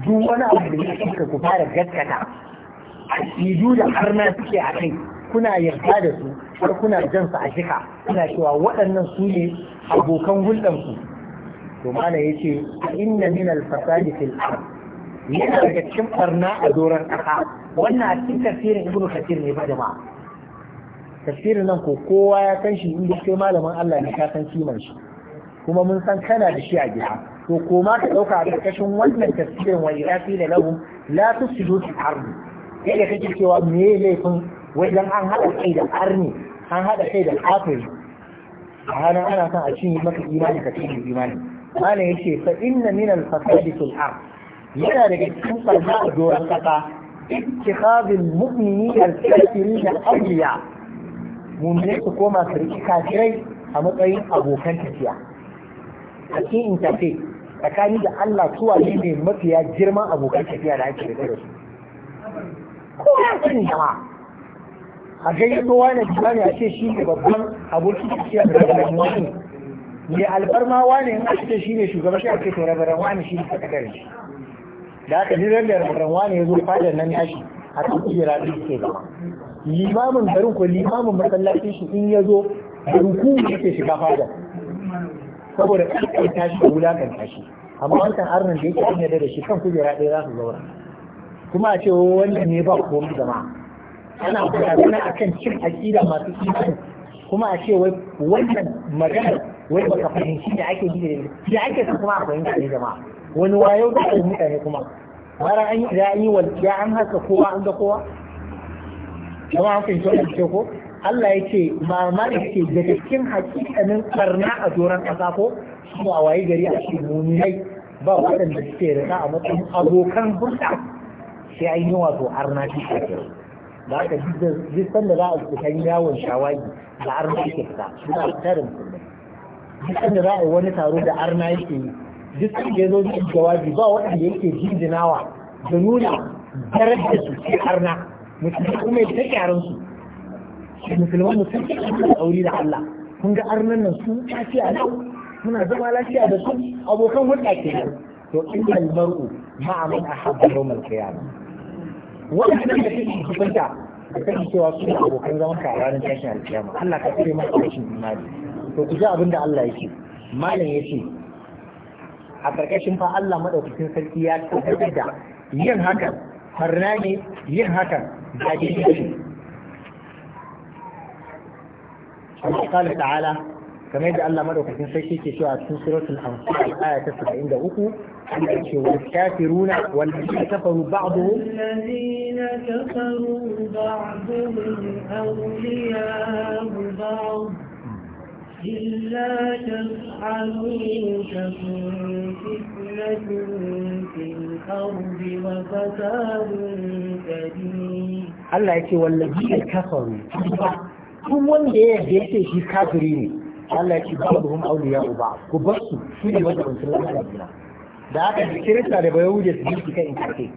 duk wani abu da ka ku fara gaskata aƙidu da harna suke a kai kuna yarda da su har kuna jan su a jika kuna cewa waɗannan su ne abokan hulɗansu to mana ya ce inna min al-fasadi fil ard yana daga cikin barna a doron ƙasa wannan a cikin tafsirin ibnu kathir ne ba jama'a tafsirin nan ko kowa ya san shi inda kai malamin Allah ne ka san kimar shi kuma mun san kana da shi a gida to koma ka ɗauka a ƙarƙashin wannan tafsirin wa ya fi da lahum la tusidu fil ard kai da kake cewa me laifin wajen an haɗa kai da arni an haɗa kai da kafiri a hannun ana son a cinye maka imani ka cinye imani malam ya ce fa inna min al fasadi fil ard yana daga cikin farma a doron kasa ittikhadul mu'mini al da al awliya mu'mini su koma su riki kafirai a matsayin abokan tafiya a cikin interface tsakani da Allah suwa ne mafiya girman abokan tafiya da ake da su ko ba sani jama a gayyato wani jima ne a ce shi ne babban abokin tafiya da rabarin wani mai alfarma wani in aka ce shi ne shugaban shi a ce to rabarin wani shi ne sakatare shi da aka ji da rabarin wani ya zo fadar nan yashi a kan kujera ɗin ke zama? limamin garin ko limamin masallacin shi in ya zo da hukumu yake shiga fadar saboda kan tashi da wulakanta shi amma wancan arnan da yake an yadda da shi kan kujera ɗaya za su zaura kuma a ce wanda ne ba ko jama'a ana barazana akan cin aƙida masu imani kuma a ce wai wannan magana wai baka fahimci da ake yi da ake su kuma a fahimta ne jama'a wani wayo da ake mutane kuma bayan an yi da an yi walƙiya an haka kowa an ga kowa jama'a an fahimci wannan ce ko Allah ya ce mamari ce da cikin hakikanin karna a doron ƙasa ko su a waye gari a cikin muminai ba waɗanda suke rika a matsayin abokan hulɗa sai ainihin wato na shi ke da aka duk sanda za a fitan yawon shawagi da arna ke fita suna tarin musulmai duk sanda za a yi wani taro da arna yake yi duk sanda ya zo da jawabi ba waɗanda yake jinjinawa da nuna darajar su har na, musulmai kuma ya ta yaran su musulman musulmai suna tsauri da Allah kun ga arnan nan sun a nan, muna zama lafiya da su abokan hulɗa ke nan to inda mar'u ma'a man ahabba yawmal qiyamah waɗannan da suke kusanta da kan cewa su ne abokan zaman ka a ranar tashin alkiyama Allah ka tsire masa rashin imani to ku ji abin da Allah yake malam yace a ƙarƙashin fa Allah madaukakin sarki ya tabbatar da yin hakan farna ne yin hakan da ke shi Allah ta'ala kamar yadda Allah madaukakin sarki ke cewa cikin suratul anfal aya ta 73 Allah yake wal kafiruna wal ladina kafaru ba'dhum alladina kafaru ba'dhum awliya'u إلا تفعلوا تكن فتنة في الأرض وفساد كبير الله يقول والذين كفروا هم وين يا بيتي كافرين Allah ya ce ba'dhum awliya'u ba'd ku bar su su ne majibantar Allah juna da aka ji kirista da bai wuje su ji kan inkarke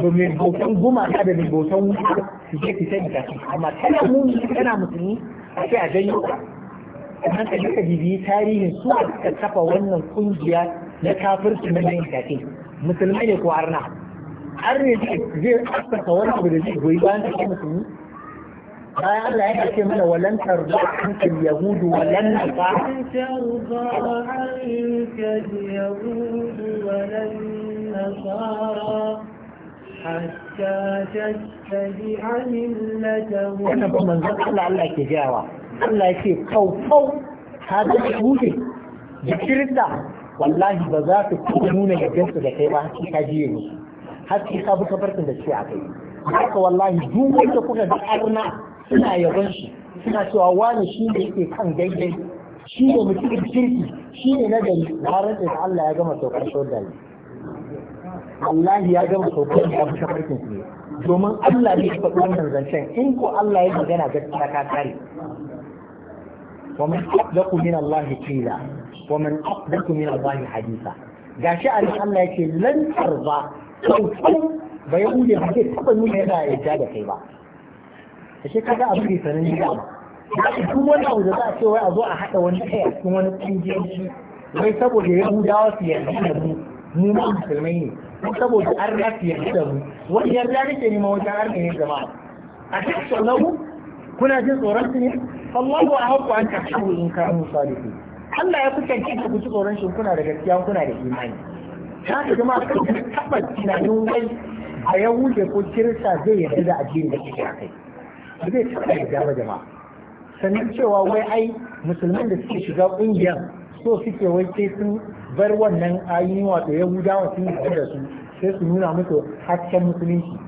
domin bautan guma ta da mai bautan wuta su je su kan inkarke amma kana muni tana musulmi a ce a janyo ka sannan ka duka bibiyi tarihin su a kafa wannan kungiya na kafirci na nan inkarke musulmai ne ko arna arne zai asaka wani abu da zai goyi bayan ka musulmi الله يحكي منا ولن ترضى عنك اليهود ولن ترضى عنك اليهود ولن نصارى حتى تتبع ملتهم أنا بمن ذكر الله تجارة الله يحكي قو قو هذا الحوثي ذكر الله والله بذات تكونون يجنس لكيبا حتي تجيره حتي خابر خبرتن دشي عقيد حتى والله دون ما تكون ذكرنا suna yabon shi suna cewa wani shi ne yake kan daidai shi ne mutum kirki shi ne na gari har da Allah ya gama saukar shoda Allah ya gama saukar da abu shafarkin su ne domin Allah ne faɗi wannan zancen in ko Allah ya magana gaskiya ka kare wa man aqdaqu min Allah qila wa man الله min Allah hadisa gashi a nan Allah yake lan tarba sauƙin ba ya ba zai taɓa nuna ba ashe kaga abu ne sanin gida ba duk wani abu da za a ce wai a zo a hada wani kai a cikin wani kungiyoyi wai saboda yahudawa wasu yanzu da mu mu ma musulmai ne ko saboda an rafi yanzu da mu wani yarda nake nema wajen arna ne jama'a a cikin sallahu kuna jin tsoron su ne Allahu a haƙƙo an tafi in ka mu salihu Allah ya kuka ki ku ci tsoron shi kuna da gaskiya kuna da imani ta ka jama'a kan na yin wai a da ko kirista zai yarda da addinin da kike kai zai taɓa yadda ba jama'a sannan cewa wai ai musulman da suke shiga ƙungiyar so suke wai sai sun bar wannan ayi wato yahudawa sun yi da su sai su nuna musu hasken musulunci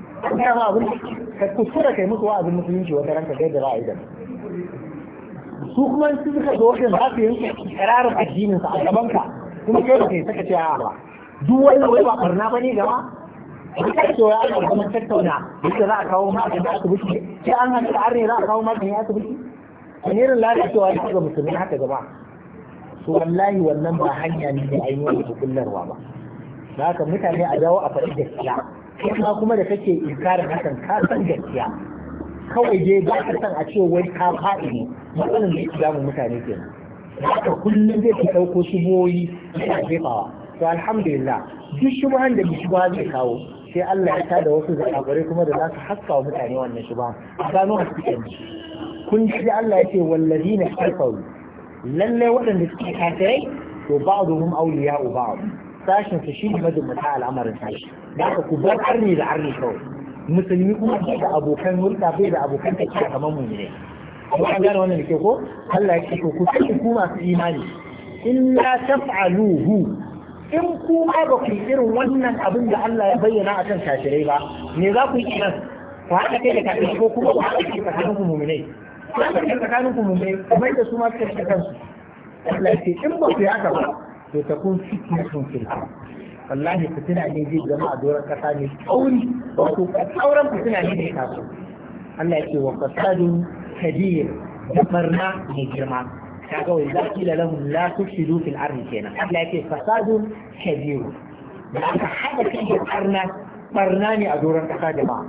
ka kusura kai musu wa'azin musulunci wata ranka sai da ra'ayi da su kuma su suka zo wajen za su yanke kirarin addinin sa a gaban ka kuma kai ba kai saka ce a ba duk wani wai ba barna ba ne gama duk cewa ana kuma tattauna duk za a kawo magani asibiti sai an hana da arne za a kawo magani asibiti a irin lalacewa da ga musulmi haka gaba to wallahi wannan ba hanya ne mai ainihin da kullarwa ba Za ka mutane a dawo a faɗi gaskiya kuma kuma da kake inkarin hakan ka san gaskiya kawai dai ba ka san a ce wai ka faɗi ne matsalar da yake damun mutane kenan da haka kullum zai fi ɗauko shuboyi yana jefawa to alhamdulillah duk shubuhan da bai shubuha zai kawo sai Allah ya tada wasu zakabare kuma da za su haska wa mutane wannan shi ba a gano hasken kun ji Allah ya ce wallazi na kafaru lallai waɗanda suke kafirai to ba ba'dhum awliya'u ba'd sashin su shi ne madummata al'amarin sashi da aka ku bar arni da arni kawai musulmi kuma bai da abokan hulɗa bai da abokan tafiya kamar mu ne kuma an gane wannan da ke ko Allah ya ce ku kashe ku masu imani in la taf'aluhu in ku ma ba ku irin wannan abin da Allah ya bayyana a kan kafirai ba me za ku yi nan ku haɗa kai da kafirai ko kuma ku haɗa kai tsakanin ku muminai ku haɗa kai tsakanin ku muminai ku mai da su ma cikin kansu Allah ya ce in ba ku yi haka ba to ta kun fitnatun fil wallahi fitina ne zai zama a doron kasa ne tsauri wato tsauran fitina ne da ya taso Allah ya ce wa fasadun kabir da barna mai girma kaga wai za kila lahum la tufsidu fil ardi kenan Allah yake fasadun kabiru da aka hada kai da barna barna ne a doron kasa jama'a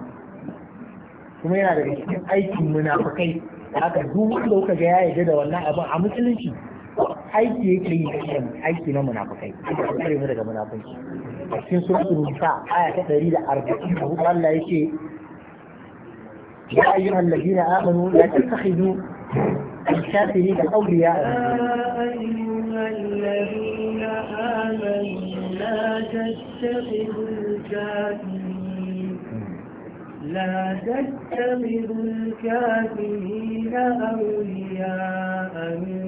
kuma yana daga cikin aikin munafukai. Da aka duk wanda kuka ga ya yarda da wannan abin a musulunci aiki yake yi da aiki na munafukai. da kare mu daga munafukai. a cikin suratul nisa aya ta 144 Allah yake ya ayyuhal ladina amanu la tattakhidhu الشافعي الأولياء أيها الذين آمنوا لا تتخذوا الكافرين لا تتخذوا الكافرين أولياء من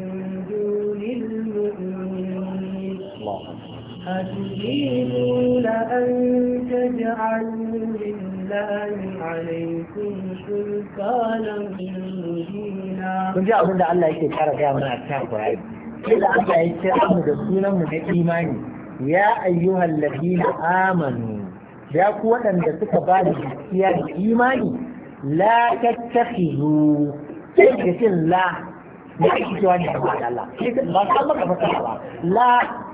دون المؤمنين أتريدون أن تجعلوا لله الله عليكم kun ji abin da Allah yake kara gaya mana a cikin Qur'ani sai da Allah ya kira mu da sunanmu na imani ya ayyuhal ladina amanu ya ku waɗanda suka ba da gaskiya da imani la tattakhizu sai ka cin la da ki cewa ne a Allah ba san maka fasara ba la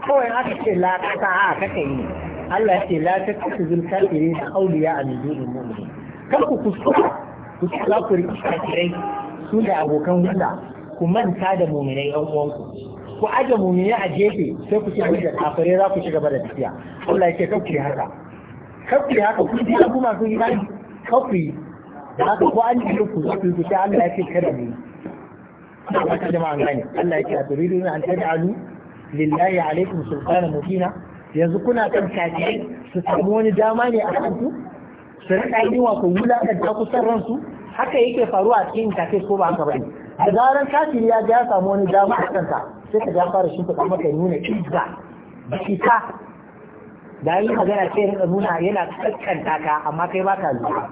kawai aka ce la kasa a kaka yi Allah ce la ta kasu zul kafirin auliya a nujudin mu'minin kar ku kuskura ku tsala ku riƙi kafirai su da abokan hulɗa ku manta da mu'minai ɗan uwanku ku aje mu'minai a gefe sai ku ci gaba da kafirai za ku ci gaba da tafiya Allah ya ce kar ku yi haka kar ku yi haka ku ji abu masu yi kar ku yi da haka ko an yi ku ku ku sai Allah ya ce kada ne. Allah ya ce a na an alu lillahi alaikum sultana mubina yanzu kuna kan kafirai su samu wani dama ne a kanku su rika yi wa ku wulakanta kusan ransu haka yake faruwa a cikin kafe ko ba haka bane da zaran kafiri ya ga samu wani dama a kanka sai ka ga fara shimfiɗa maka nuna izza bishita da yi magana sai rika nuna yana tsakanta ka amma kai ba ka zuwa.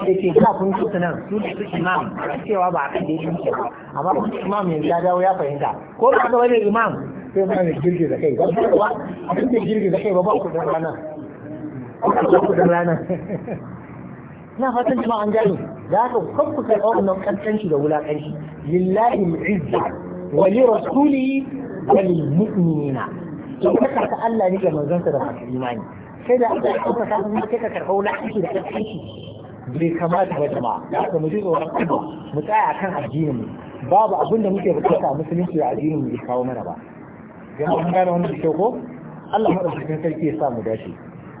sai ke ka kun su nan su ne su imam cewa ba a kan da yake ba amma kun imam yanzu ya dawo ya fahimta ko ba ka bane imam sai ma mai girgi da kai ba a kan da girgi da kai ba ba kudin rana ba kudin rana na fatan jama'a an gani da haka kan ku karɓa wannan kankanci da wulakanci lillahi mu'izza wa li rasulihi wa lil mu'minina to ka ta Allah ne ga manzon sa da masu imani sai da aka ɗauka ta kuma sai ka karɓa wulakanci da kankanci bai kamata ba jama'a da haka mu ji tsoron Allah mu tsaya akan addinin mu babu abin da muke bukata musulunci da addinin mu bai kawo mana ba jama'a an gane wannan kyau ko Allah madaukakin sarki ya sa mu dace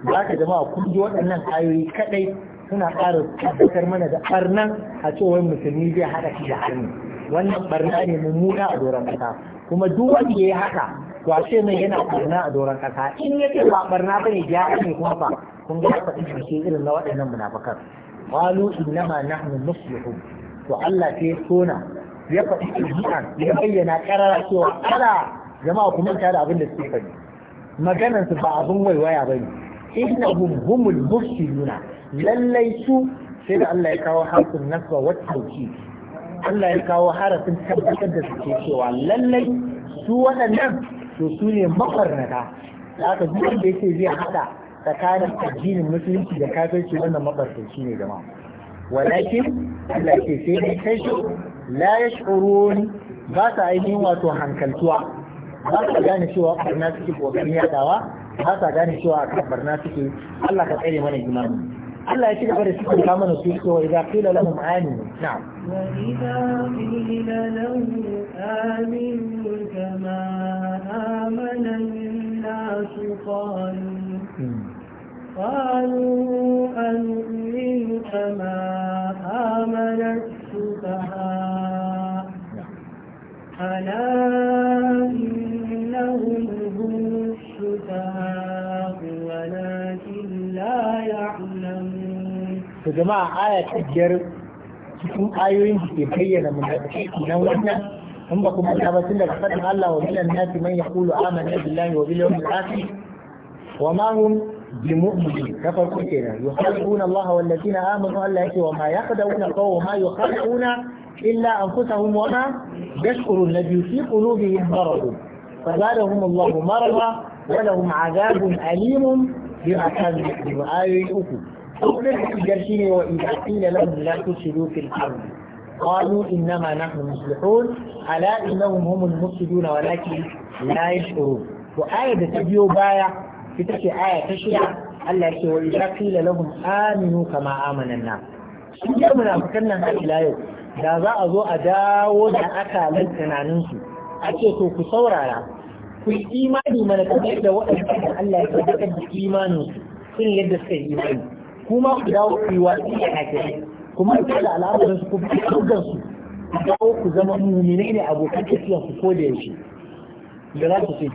ka jama'a kun ji waɗannan ayoyi kaɗai suna ƙara tabbatar mana da barnan a cewar musulmi zai haɗa shi da harni wannan barna ne mummuna a doron ƙasa kuma duk wanda ya yi haka to a mai yana barna a doron ƙasa in ya ce ba barna ba ne ya ne kuma ba kun ga haka ɗin shi irin na waɗannan munafakan qalu innama nahnu muslihun to Allah sai ya tona ya faɗi ɗabi'an ya bayyana ƙarara cewa ala jama'a kuma ta da abin da suke faɗi maganar su ba abin waiwaya bane innahum humul mufsiduna lallai su sai da Allah ya kawo harfin nasba wa tauki Allah ya kawo harafin tabbatar da suke cewa lallai su waɗannan to su ne mafarnata da aka duk wanda yake zai haɗa tsakanin addinin musulunci da kafirci wannan mafarkaci ne jama'a walakin Allah ke sai dai kai la yash'urun ba sa ainihin wato hankaltuwa ba sa gane cewa barna suke kokarin yadawa ba ka gane cewa a akan barna suke Allah ka tsare mana imani Allah ya ci gaba da cikin kama na suke wa idza qila lahum aminu na'am wa idza qila lahum aminu kama amana an-nas qalu قالوا أنؤمن كما آمن السفهاء ألا to jama'a aya ta biyar cikin ayoyin da ke bayyana munafiki nan wannan in ba kuma ta batun daga fadin Allah wa minan nasi man yaqulu amanna billahi wa bil yawmil akhir wa ma hum بمؤمنين كفر كثيرا يخالفون الله والذين امنوا الا يكفي وما يخدعون وما يخالفون الا انفسهم وما يشكر الذي في قلوبهم مرض فزادهم الله مرضا ولهم عذاب اليم بما كانوا يكذبون ايه اخرى أولا الجرشين وإذا قيل لهم لا تفسدوا في الأرض قالوا إنما نحن مصلحون ألا إنهم هم المفسدون ولكن da ta biyo baya, بايا في تكي آية تشيع Allah ce wa idza lahum aminu kama amana an-nas na ga munafikan nan har ila yau da za a zo a dawo da akalan tunanin su a ce to ku saurara ku yi imani mana kamar da waɗanda Allah ya tabbatar da imanin su sun yadda suka yi imani kuma ku dawo ku yi watsi da kafirai kuma ku da al'amuran su ku bi dukkan su ku dawo ku zama mu'minai ne abokan tafiya ku ko da yaushe da za ku ce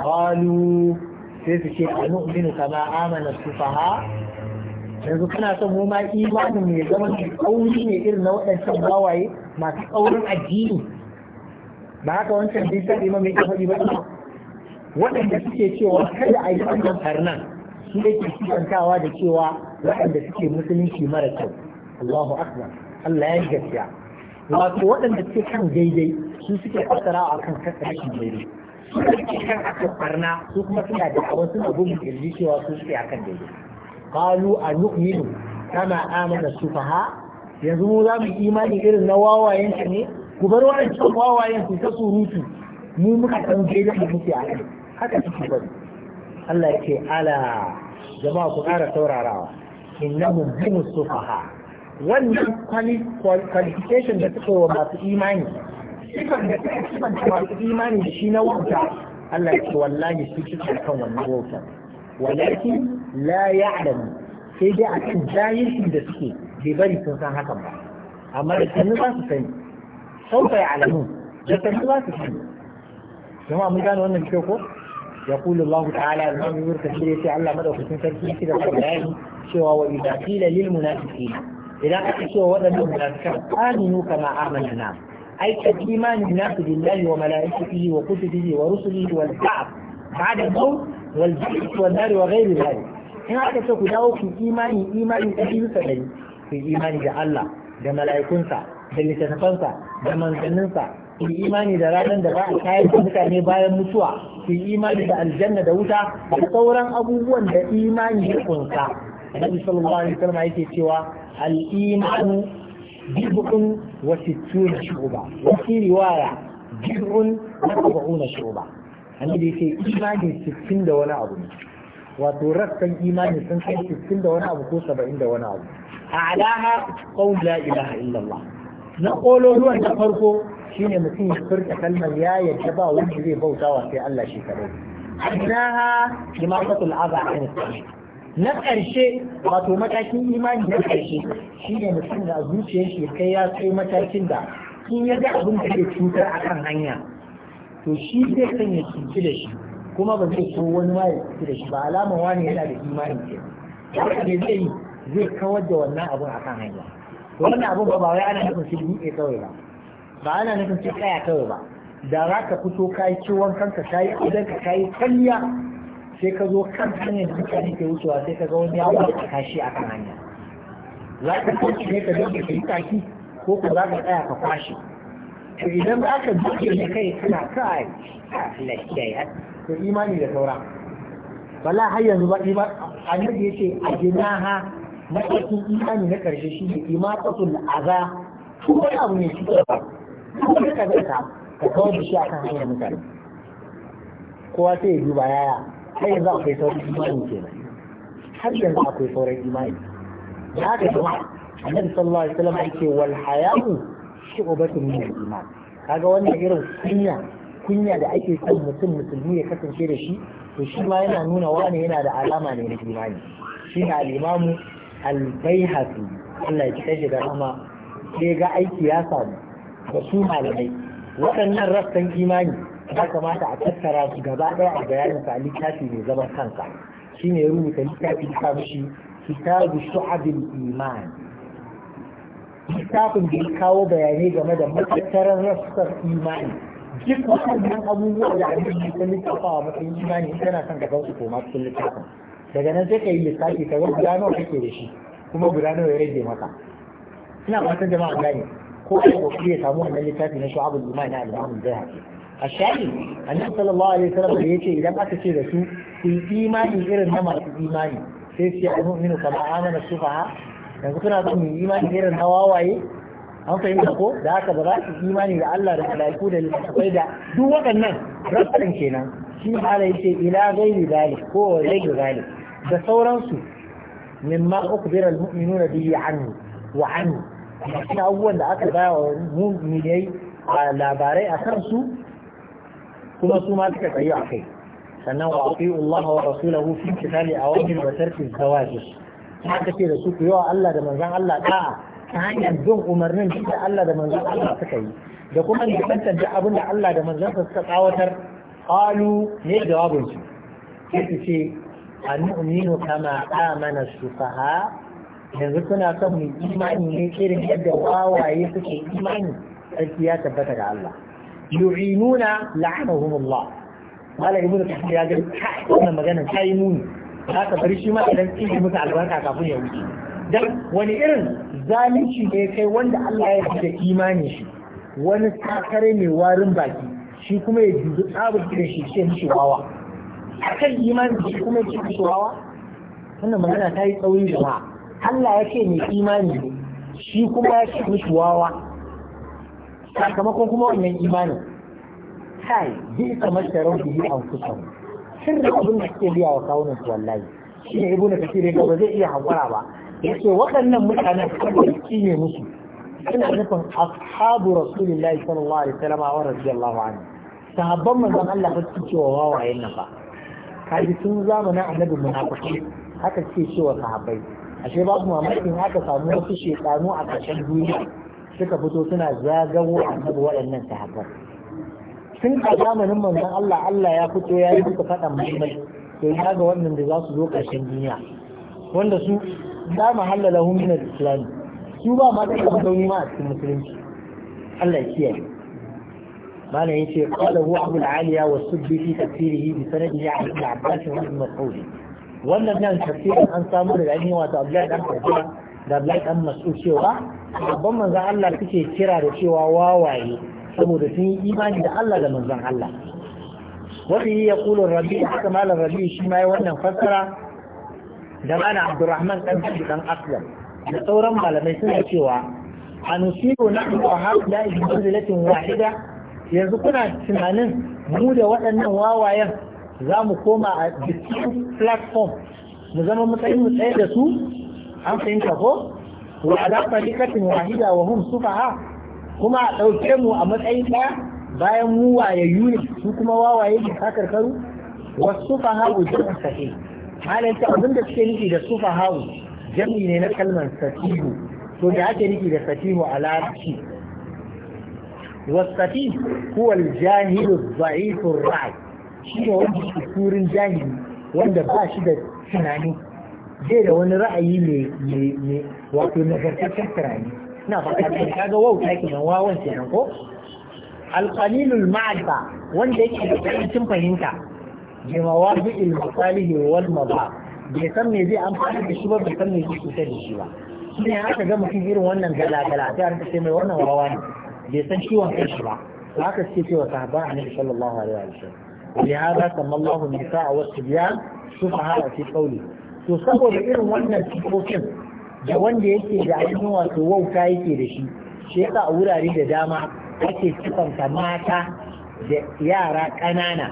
qalu sai su ce a anu'minu kama amana sufaha yanzu kana son mu ma imanin mu ya zama kauri ne irin na waɗancan bawaye masu kaurin addini ba haka wancan bai sa imam mai faɗi ba waɗanda suke cewa kada a yi wannan karnan su ne ke kisantawa da cewa waɗanda suke musulunci mara kyau Allahu akbar Allah ya gaskiya wato waɗanda suke kan daidai su suke fasara a kan kasashen daidai su suke kan akan barna su kuma suna da hawan suna bugun kirji cewa su suke akan daidai qalu a nu'minu kama amana sufaha yanzu mu za mu imani irin na wawayen ne ku bar waɗancan wawayen su ta surutu mu muka san daidai da muke a haka suke bari Allah ya ce ala jama'a ku ƙara saurarawa innahum hum sufaha wannan qualification da suke wa masu imani sifan da suke sifan da masu imani da shi na wauta Allah ya ce wallahi su suke kan wannan wautar walakin la ya'lamu sai dai a kan jahilci da suke bai bari sun san hakan ba amma da sanu za su sani sauka ya alamu da sanu za su sani jama'a mun gane wannan kyau ko يقول الله تعالى الإمام يقول كثير يسي الله مدى وكثير تركي كده قرآن سوى وإذا قيل للمنافقين إذا قلت سوى وضع المنافقين آمنوا كما آمن الناس أي الإيمان الناس بالله وملائكته وكتبه ورسله والبعض بعد الموت والبعض والنار وغير ذلك هنا aka ce ku dawo إيمان imani imani ɗari bisa ɗari ku imani da Allah da mala'ikunsa da littattafansa ku yi imani da ranar da za a kayar da mutane bayan mutuwa ku yi imani da aljanna da wuta da sauran abubuwan da imani ya kunsa annabi sallallahu alaihi wasallam yake cewa al-imanu bid'un wa sittuna shu'ba wa fi riwaya bid'un wa sab'una shu'ba annabi yake imani sittin da wani abu ne wato rassan imani sun kai sittin da wani abu ko saba'in da wani abu a'laha qawl la ilaha illallah na ruwan ta farko shine mutum ya furta kalmar ya yadda ba wanda zai bauta wa sai Allah shi kadai annaha himatatul aba an na ƙarshe wato matakin imani na ƙarshe shine mutum da zuciyar shi kai ya kai matakin da in ya ga abin da zai cutar akan hanya to shi zai sanya cuci da shi kuma ba zai so wani ma ya cuci da shi ba alama wani yana da imani ke da ne zai zai kawar da wannan abin akan hanya wannan abun ba wai ana nufin shi buɗe kawai ba ba ana nufin shi tsaya kawai ba da za ka fito ka yi ciwon kanka ka yi idan ka ka yi kalliya sai ka zo kan hanyar da mutane ke wucewa sai ka ga wani da ka kashi a kan hanya za ka kwanci ne ka dinga ka yi kaki ko ko za ka tsaya ka kwashe to idan za ka buɗe ne kai kana kai lafiya to imani da saura wala har yanzu ba imani annabi yace ajinaha matakin imani na ƙarshe shi ne imatatul aza ko wani abu ne cutar ba ko ka zai ka ka kawar da shi akan hanyar mutane kowa sai ya duba yaya har yanzu akwai sauran imani kenan har yanzu akwai sauran imani da haka jama'a annabi sallallahu alaihi wasallam yake wal hayatu shu'batun min al-iman kaga wannan irin kunya kunya da ake son mutum musulmi ya kasance da shi to shi ma yana nuna wani yana da alama ne na imani shi ne al-imamu albaihaqi Allah ya ci da rahama sai ga aiki ya samu da su malamai waɗannan rassan imani ya kamata a tattara su gaba ɗaya a bayanin sa littafi mai zaman kansa shine ya rubuta littafi ta mishi kitabu shu'abil iman littafin da ya kawo bayanai game da matattaran rassan imani duk waɗannan abubuwa da abin da ya littafa a matsayin imani tana son gaban su koma cikin littafin daga nan sai ka yi lissafi ka ga guda nawa kake da shi kuma guda nawa ya rage maka ina fatan jama'a gani ko kai kokari ya samu wannan littafi na shu'abul iman na al-imam A bayhaqi ashari annabi sallallahu alaihi wasallam da yace idan aka ce da su ku yi imani irin na masu imani sai su yi almu'minu kama amana sufaha yanzu kuna son yi imani irin na wawaye an fahimta ko da haka ba za su imani da Allah da malaiku da littafai da duk waɗannan rasarin kenan shi hala yake ila gairi zalik ko rage zalik da sauransu mimma ukhbira almu'minuna bihi anhu wa abubuwan da aka baya wa mu'minai labarai a kansu kuma su ma suka tsayi a kai sannan wa Allah wa rasulahu fi tarki da su yawa Allah da manzon Allah ta hanyar bin umarnin da Allah da manzon Allah suka yi da kuma ne tantance abin da Allah da manzon sa suka tsawatar qalu ne jawabin su sai a nu'minu kama amana sufaha yanzu suna son mu imani ne irin yadda wawaye suke imani sarki ya tabbata ga Allah yu'inuna la'anahumullah mala ibnu kathir ya ga kai wannan magana ta yi muni za ka bari shi ma idan kin musu albarka kafin ya wuce dan wani irin zalunci ne kai wanda Allah ya da imani shi wani sakare mai warin baki shi kuma ya jibi tsabar kiran shi ce mishi wawa a kan imani da kuma ci ku wannan magana ta yi tsawon jama'a Allah ya ce mai imani ne shi kuma ya ce mishi sakamakon kuma wannan imanin kai bi kamar da rauki yi an kusa da abin da suke biya wa kawunan su wallahi shi ne na kashi ya ba zai iya hankura ba Ya ce waɗannan mutanen kawai kime ne musu suna nufin ashabu rasulullahi sallallahu alaihi wasallam wa radiyallahu sahabban manzon Allah ba su cewa wawayen nan ba kaji sun tun zamanin annabin munafiki haka ce cewa sahabbai ashe babu mamakin haka samu wasu shekaru a ƙarshen duniya suka fito suna zagawo annabi waɗannan sahabbai tun a zamanin manzon Allah Allah ya fito ya yi duka faɗan mai to ya ga wannan da za su zo ƙarshen duniya wanda su da mahalla lahum min al-islam su ba ma da kauni ma a cikin musulunci Allah ya kiyaye ما لا يشيء قال هو أبو العالية والسبي في تفسيره بسنده عن ابن عباس وابن مسعود wannan nan tafsirin an samu daga ainihin wato Abdullahi dan Abdullahi da Abdullahi dan Mas'ud cewa babban manzon Allah kike kira da cewa wawaye saboda sun yi imani da Allah da manzon Allah wani ya kula rabi haka rabi shi ma wannan fassara da mana abdurrahman dan shi dan aslam da sauran malamai suna cewa anusiru na wa hada latin wahida yanzu kuna tunanin mu da waɗannan wawayen za mu koma a cikin platform mu zama matsayin mu tsaye da su an fahimta ko wa ala tariqatin wahida wa hum sufaha kuma a ɗauke mu a matsayin ɗaya bayan mu waye ne su kuma wawaye ne ta karkaru wa sufaha ujjan sahi halin ta abin da suke nufi da sufaha jami ne na kalmar sahihu to da ake nufi da sahihu a larabci والسفيه هو الجاهل الضعيف الرعي شيء وانت wanda ba shi da tunani zai da wani ra'ayi ne wato nagartaccen tunani na faɗa kaga wauta kenan wawan kenan ko alqalilul ma'rifa wanda yake da karancin fahimta bi mawadi'il masalih wal madha bai san me zai amfani da shi ba bai san me zai kusa da shi ba shine aka ga mutum irin wannan gala gala sai an ce mai wannan wawa ne bai san ciwon kanshi ba haka suke cewa sahaba annabi sallallahu alaihi wa sallam ولهذا سمى الله Su fa hada في قوله to saboda irin wannan cikokin da wanda yake da ainihin wato wauta yake da shi shi yasa a wurare da dama ake sifanta mata da yara ƙanana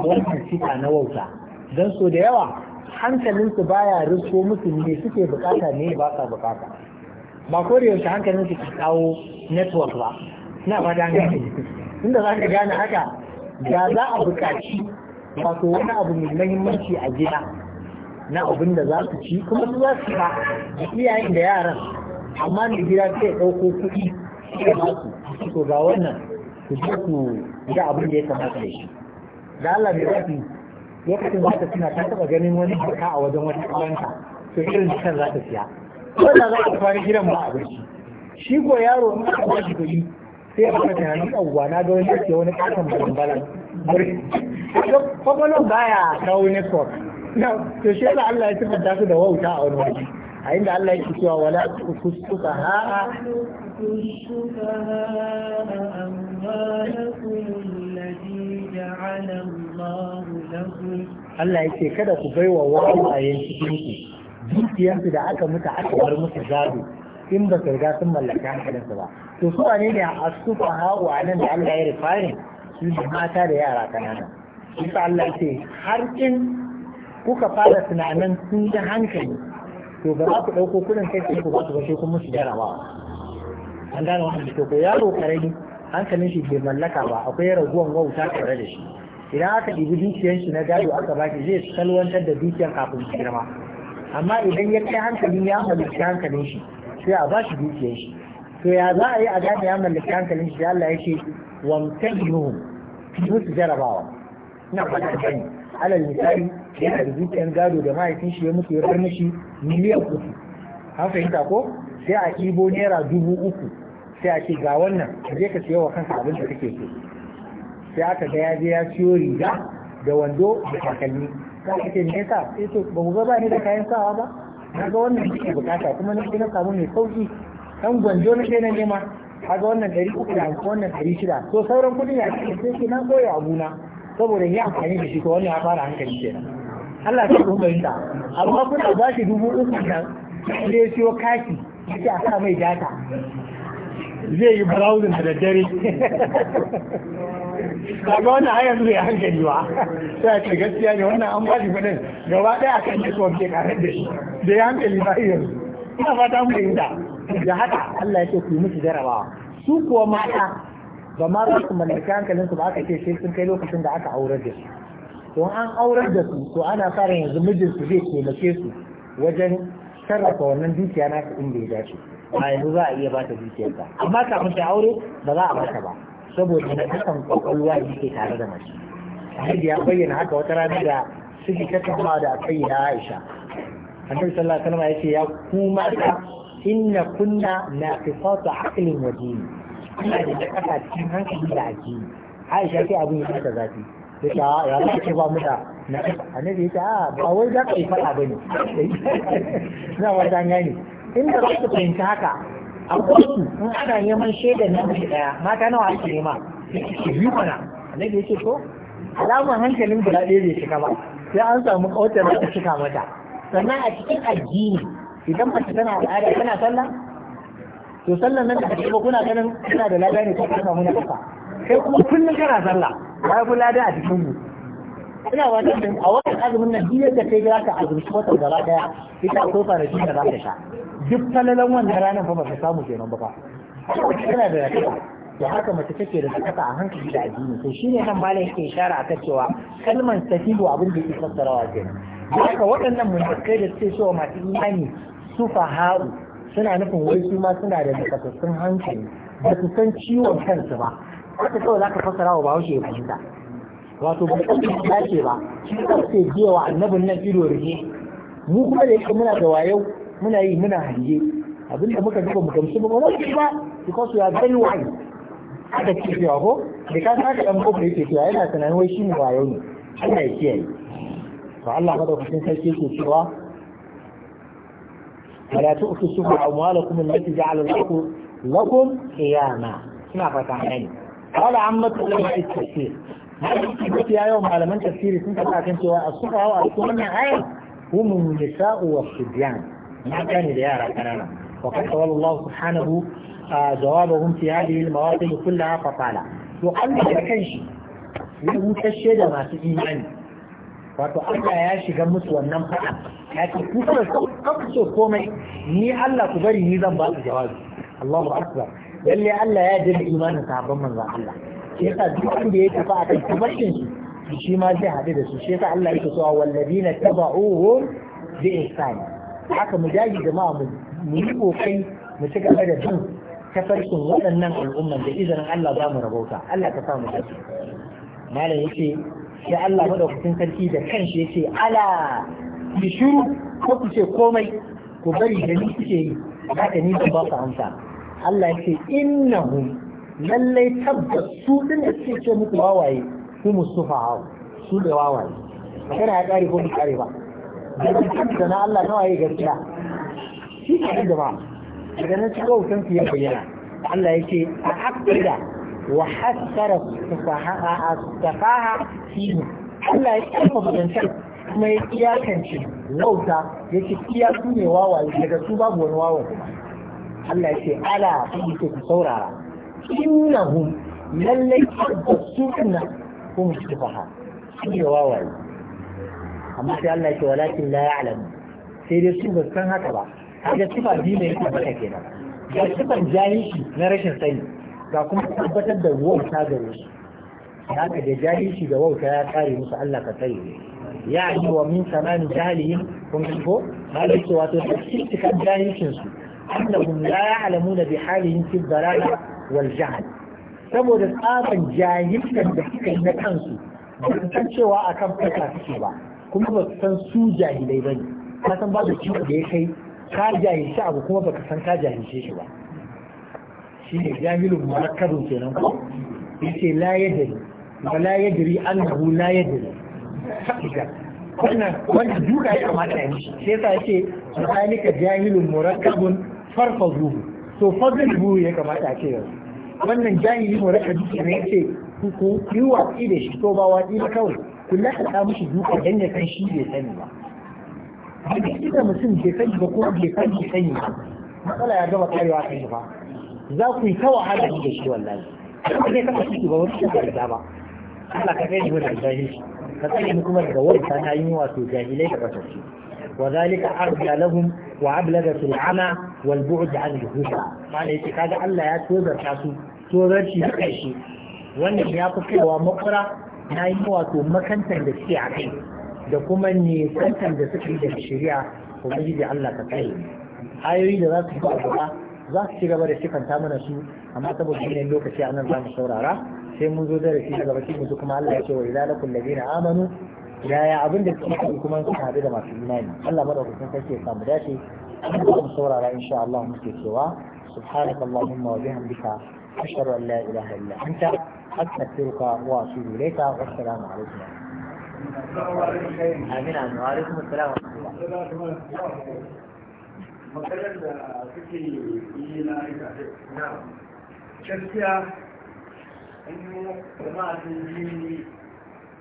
a wannan sifa na wauta don so da yawa hankalinsu baya risko musu ne suke bukata ne ba sa bukata ba ko da hankalin su ka kawo network ba na ba da gane inda za ka gane haka da za a buƙaci wato wani abu mai mahimmanci a gida na abin da za su ci kuma su za su ba da iyayen da yaran amma da gida sai ɗauko kuɗi ya ba su to ga wannan su ji ku ga abin da ya kamata da shi da Allah bai zafi lokacin za ta suna ta taɓa ganin wani haka a wajen wata ƙawanta to irin da kan za ta siya wannan za ta fara gidan ba abinci shi ko yaro in ka ba shi kuɗi sai a fara tunanin yawwa na ga wani ake wani katon balambalan kwakwalon baya kawo network na to shi yasa Allah ya sifanta su da wauta a wani waje a inda Allah yake cewa wala tusuka ha Allah ya ce kada ku baiwa a cikin ku dukiyarsu da aka mutu aka bar musu gado in ba su riga sun mallaka hankalinsu ba to su wane ne a sufa ha'u a nan da Allah ya rifarin su ne mata da yara kanana bisa Allah ce har in kuka fara tunanin sun ji hankali to ba za ku ɗauko kudin kai ku ba su ba sai kun musu jarabawa an gane wannan to ko yaro karami hankalin shi bai mallaka ba akwai raguwan wauta tare da shi idan aka ɗibi dukiyar shi na gado aka baki zai salwantar da dukiyar kafin girma amma idan ya kai hankalin ya mallaki hankalin shi sai a ba shi dukiyar shi to ya za a yi a gane ya mallaki hankalin shi Allah ya ce fi musu jarabawa ina fata gani alal misali yana da dukiyar gado da mahaifin shi ya mutu ya bar mishi miliyan uku an fahimta ko sai a kibo naira dubu uku sai a ce ga wannan je ka siyo wa kanka abin da kake so sai aka ga ya je ya siyo riga da wando da takalmi za ka ce me yasa sai to ba mu ga ba ni da kayan sawa ba kaga wannan kike bukata kuma na na samu mai sauki dan gwanjo na kai na nema kaga wannan dari uku da hamsin wannan dari shida to sauran kuɗin ya ce sai ki na koya abuna saboda ya amfani da shi ko wannan ya fara hankali kenan Allah ya kuma yin ta amma kuna ba shi dubu uku nan sai ya siyo kaki sai a sa mai data zai yi browsing da daddare kaga wannan har yanzu ya hankali ba sai a ce gaskiya ne wannan an bashi kudin gaba ɗaya a kan network ke karar da shi da ya hankali ba yanzu ina fata mu fahimta da haka Allah ya ce ku yi musu jarabawa su kuwa mata ba ma za su mallaki hankalinsu ba aka ce sai sun kai lokacin da aka aurar da su to an aurar da su to ana fara yanzu mijinsu zai taimake su wajen sarrafa wannan dukiya nasu inda ya dace a yanzu za a iya ba ta zuciyarta, amma kafin ta aure ba za a ba ta ba saboda na kasan kwakwalwa da ke tare da mace annabi ya bayyana haka wata rana da suke tattaunawa da akai na Aisha annabi sallallahu alaihi wasallam yace ya kuma mata inna kunna na naqisatu aqlin wa din ya da kasa cikin hankali da addini Aisha ce abin ya ta zafi ya ta ya ba ce ba mu da annabi ya ce a ba wai za ka yi bane *laughs* na wata gani inda za su fahimci haka a kwasu in ana neman shaidar na mace daya mata nawa ake nema ki biyu mana annabi yake ko alamun hankalin guda ɗaya bai shiga ba sai an samu kawatar da ta cika mata sannan a cikin addini idan mace tana al'ada tana sallah to sallan nan da kake kuna ganin kuna da lada ne ko ka samu na kafa kai kuma kullum kana sallah babu lada a cikin mu ina wajen a watan azumin nan da ta kai za ka azumci wata gaba daya ita akwai kwanaki da za sha duk falalan wannan ranar fa ba ka samu kenan ba fa yana da yaƙi da haka mace take da tsaka a hankali da addini to shine nan bala yake ishara akan cewa kalman safihu abin da yake fassarawa kenan haka waɗannan munafikai da suke cewa masu imani su faharu suna nufin wai su ma suna da nakasassun hankali ba su san ciwon kansu ba haka kawai za ka fassara wa bahaushe ya fahimta wato ba ta ce ba ce ba shi karfe biya wa annabin nan ido rige mu kuma da yake muna da wayo muna yi muna hange abin da muka duba mu gamsu ba ba ba because we are very wise aka ce cewa ko da ka saka dan kofa yake cewa yana tunanin wai shi ne wayo ne Allah ya kiyaye to Allah madaukakin sarki yake cewa ولا تؤتوا السفه أموالكم التي جعل الله لكم قياما. ما فتح قال عمة الله التفسير بيت يا يوم على من تفسير سنت الله كنت واقصفة واقصفة منها آية هم النساء والصبيان ما كان ليها رأينا وقد قال الله سبحانه آه، جوابهم في هذه المواطن كلها فقال وقال لي كنشي لهم تشهد ما تجيناني wato Allah ya shiga musu wannan fada ya ce ku fara kafso komai ni Allah ku bari ni zan ba su jawabi Allahu akbar lalle Allah ya dinga imanin sabon manzon shi yasa duk wanda ya tafi a kan su shi shi ma zai haɗu da su shi yasa Allah yake cewa walladina taba'uhum bi ihsan haka mu daji jama'a mu yi kokai mu ci gaba da bin tafarkin waɗannan al'umman da izinin Allah za mu rabauta Allah ka sa mu tafi malam yace sai Allah madaukakin sarki da kanshi yace ala ki shiru ko ku ce komai ku bari da ni kuke yi haka ni ba ku amsa Allah yace innahum lallai tabbas su din da suke ce muku wawaye su musufa hawa su da wawaye magana ya kare ko bai kare ba da na Allah nawa gaskiya shi ke jama'a daga nan cikin wutan su ya bayyana Allah ya ce a aqida wa hasara sufaha sufaha fihi Allah ya kafa bincike kuma ya iyakance wauta ya ce iya su ne wawaye daga su babu wani wawan kuma Allah ya ce ala ku ku saurara innahum lallai da su inna hum sufaha shi wawaye amma sai Allah ya ce walakin la ya'lam sai dai su ba san haka ba kaga sifa biyu mai yake baka kenan ga sifan jahilci na rashin sani ga kuma tabbatar da wauta ga su Ya haka da jahilci da wauta ya kare musu Allah ka tsare ya yi wa min samani jahilin kun ko ba da wato to da cikin jahilcin su annahum la ya'lamuna bi halihim fi dalalah wal saboda tsaban jahilkan da suka yi na kansu ba su san a akan fata suke ba kuma ba su san su jahilai ba ne ka san babu ciwo da ya kai ka jahilci abu kuma baka san ka jahilce shi ba shi ne jahilun murakkabun wannan wannan duka ya kamata ya mishi sai yasa yace zalika jahilun murakkabun farfazuhu to fadl bu ya kamata a ce yanzu wannan jahili mu raka duka ne yace ku yi watsi da shi to ba watsi ba kawai ku lakata mishi duka dan ya san shi bai sani ba haka ita mutum bai sani ba ko bai sani sani ba matsala ya gaba karewa kan shi ba za ku yi ta wahala da shi wallahi kuma zai taba ciki ba wani shi da ba Allah ka kai ni da jahili ka kai ni kuma daga wannan ta na yi wato jahilai da kasance وذلك أرجى لهم وأبلغ في العمى والبعد عن الهدى قال يتي كذا الله يا توبر شاسو توبر شي كايشي wannan ya fi kaiwa makura na yi wato makantar da suke a kai da kuma nisantar da suke da shari'a ubangiji Allah ka tsaye ayoyi da za su ba a za su ci gaba da sifanta mana su amma saboda yanayin lokaci a nan za mu saurara sai mun zo darasi daga baki mu kuma Allah ya ce wa idza lakum ladina amanu yaya abin da suke kan kuma suka haɗu da masu imani Allah madaukakin sarki ya samu dace an ba mu saurara insha Allah muke cewa subhanaka allahumma wa bihamdika ashhadu an la ilaha illa anta astaghfiruka wa atubu ilayka wa assalamu alaikum amin amin wa alaikum assalam maganar da suke yi na gaskiya in jama'a sun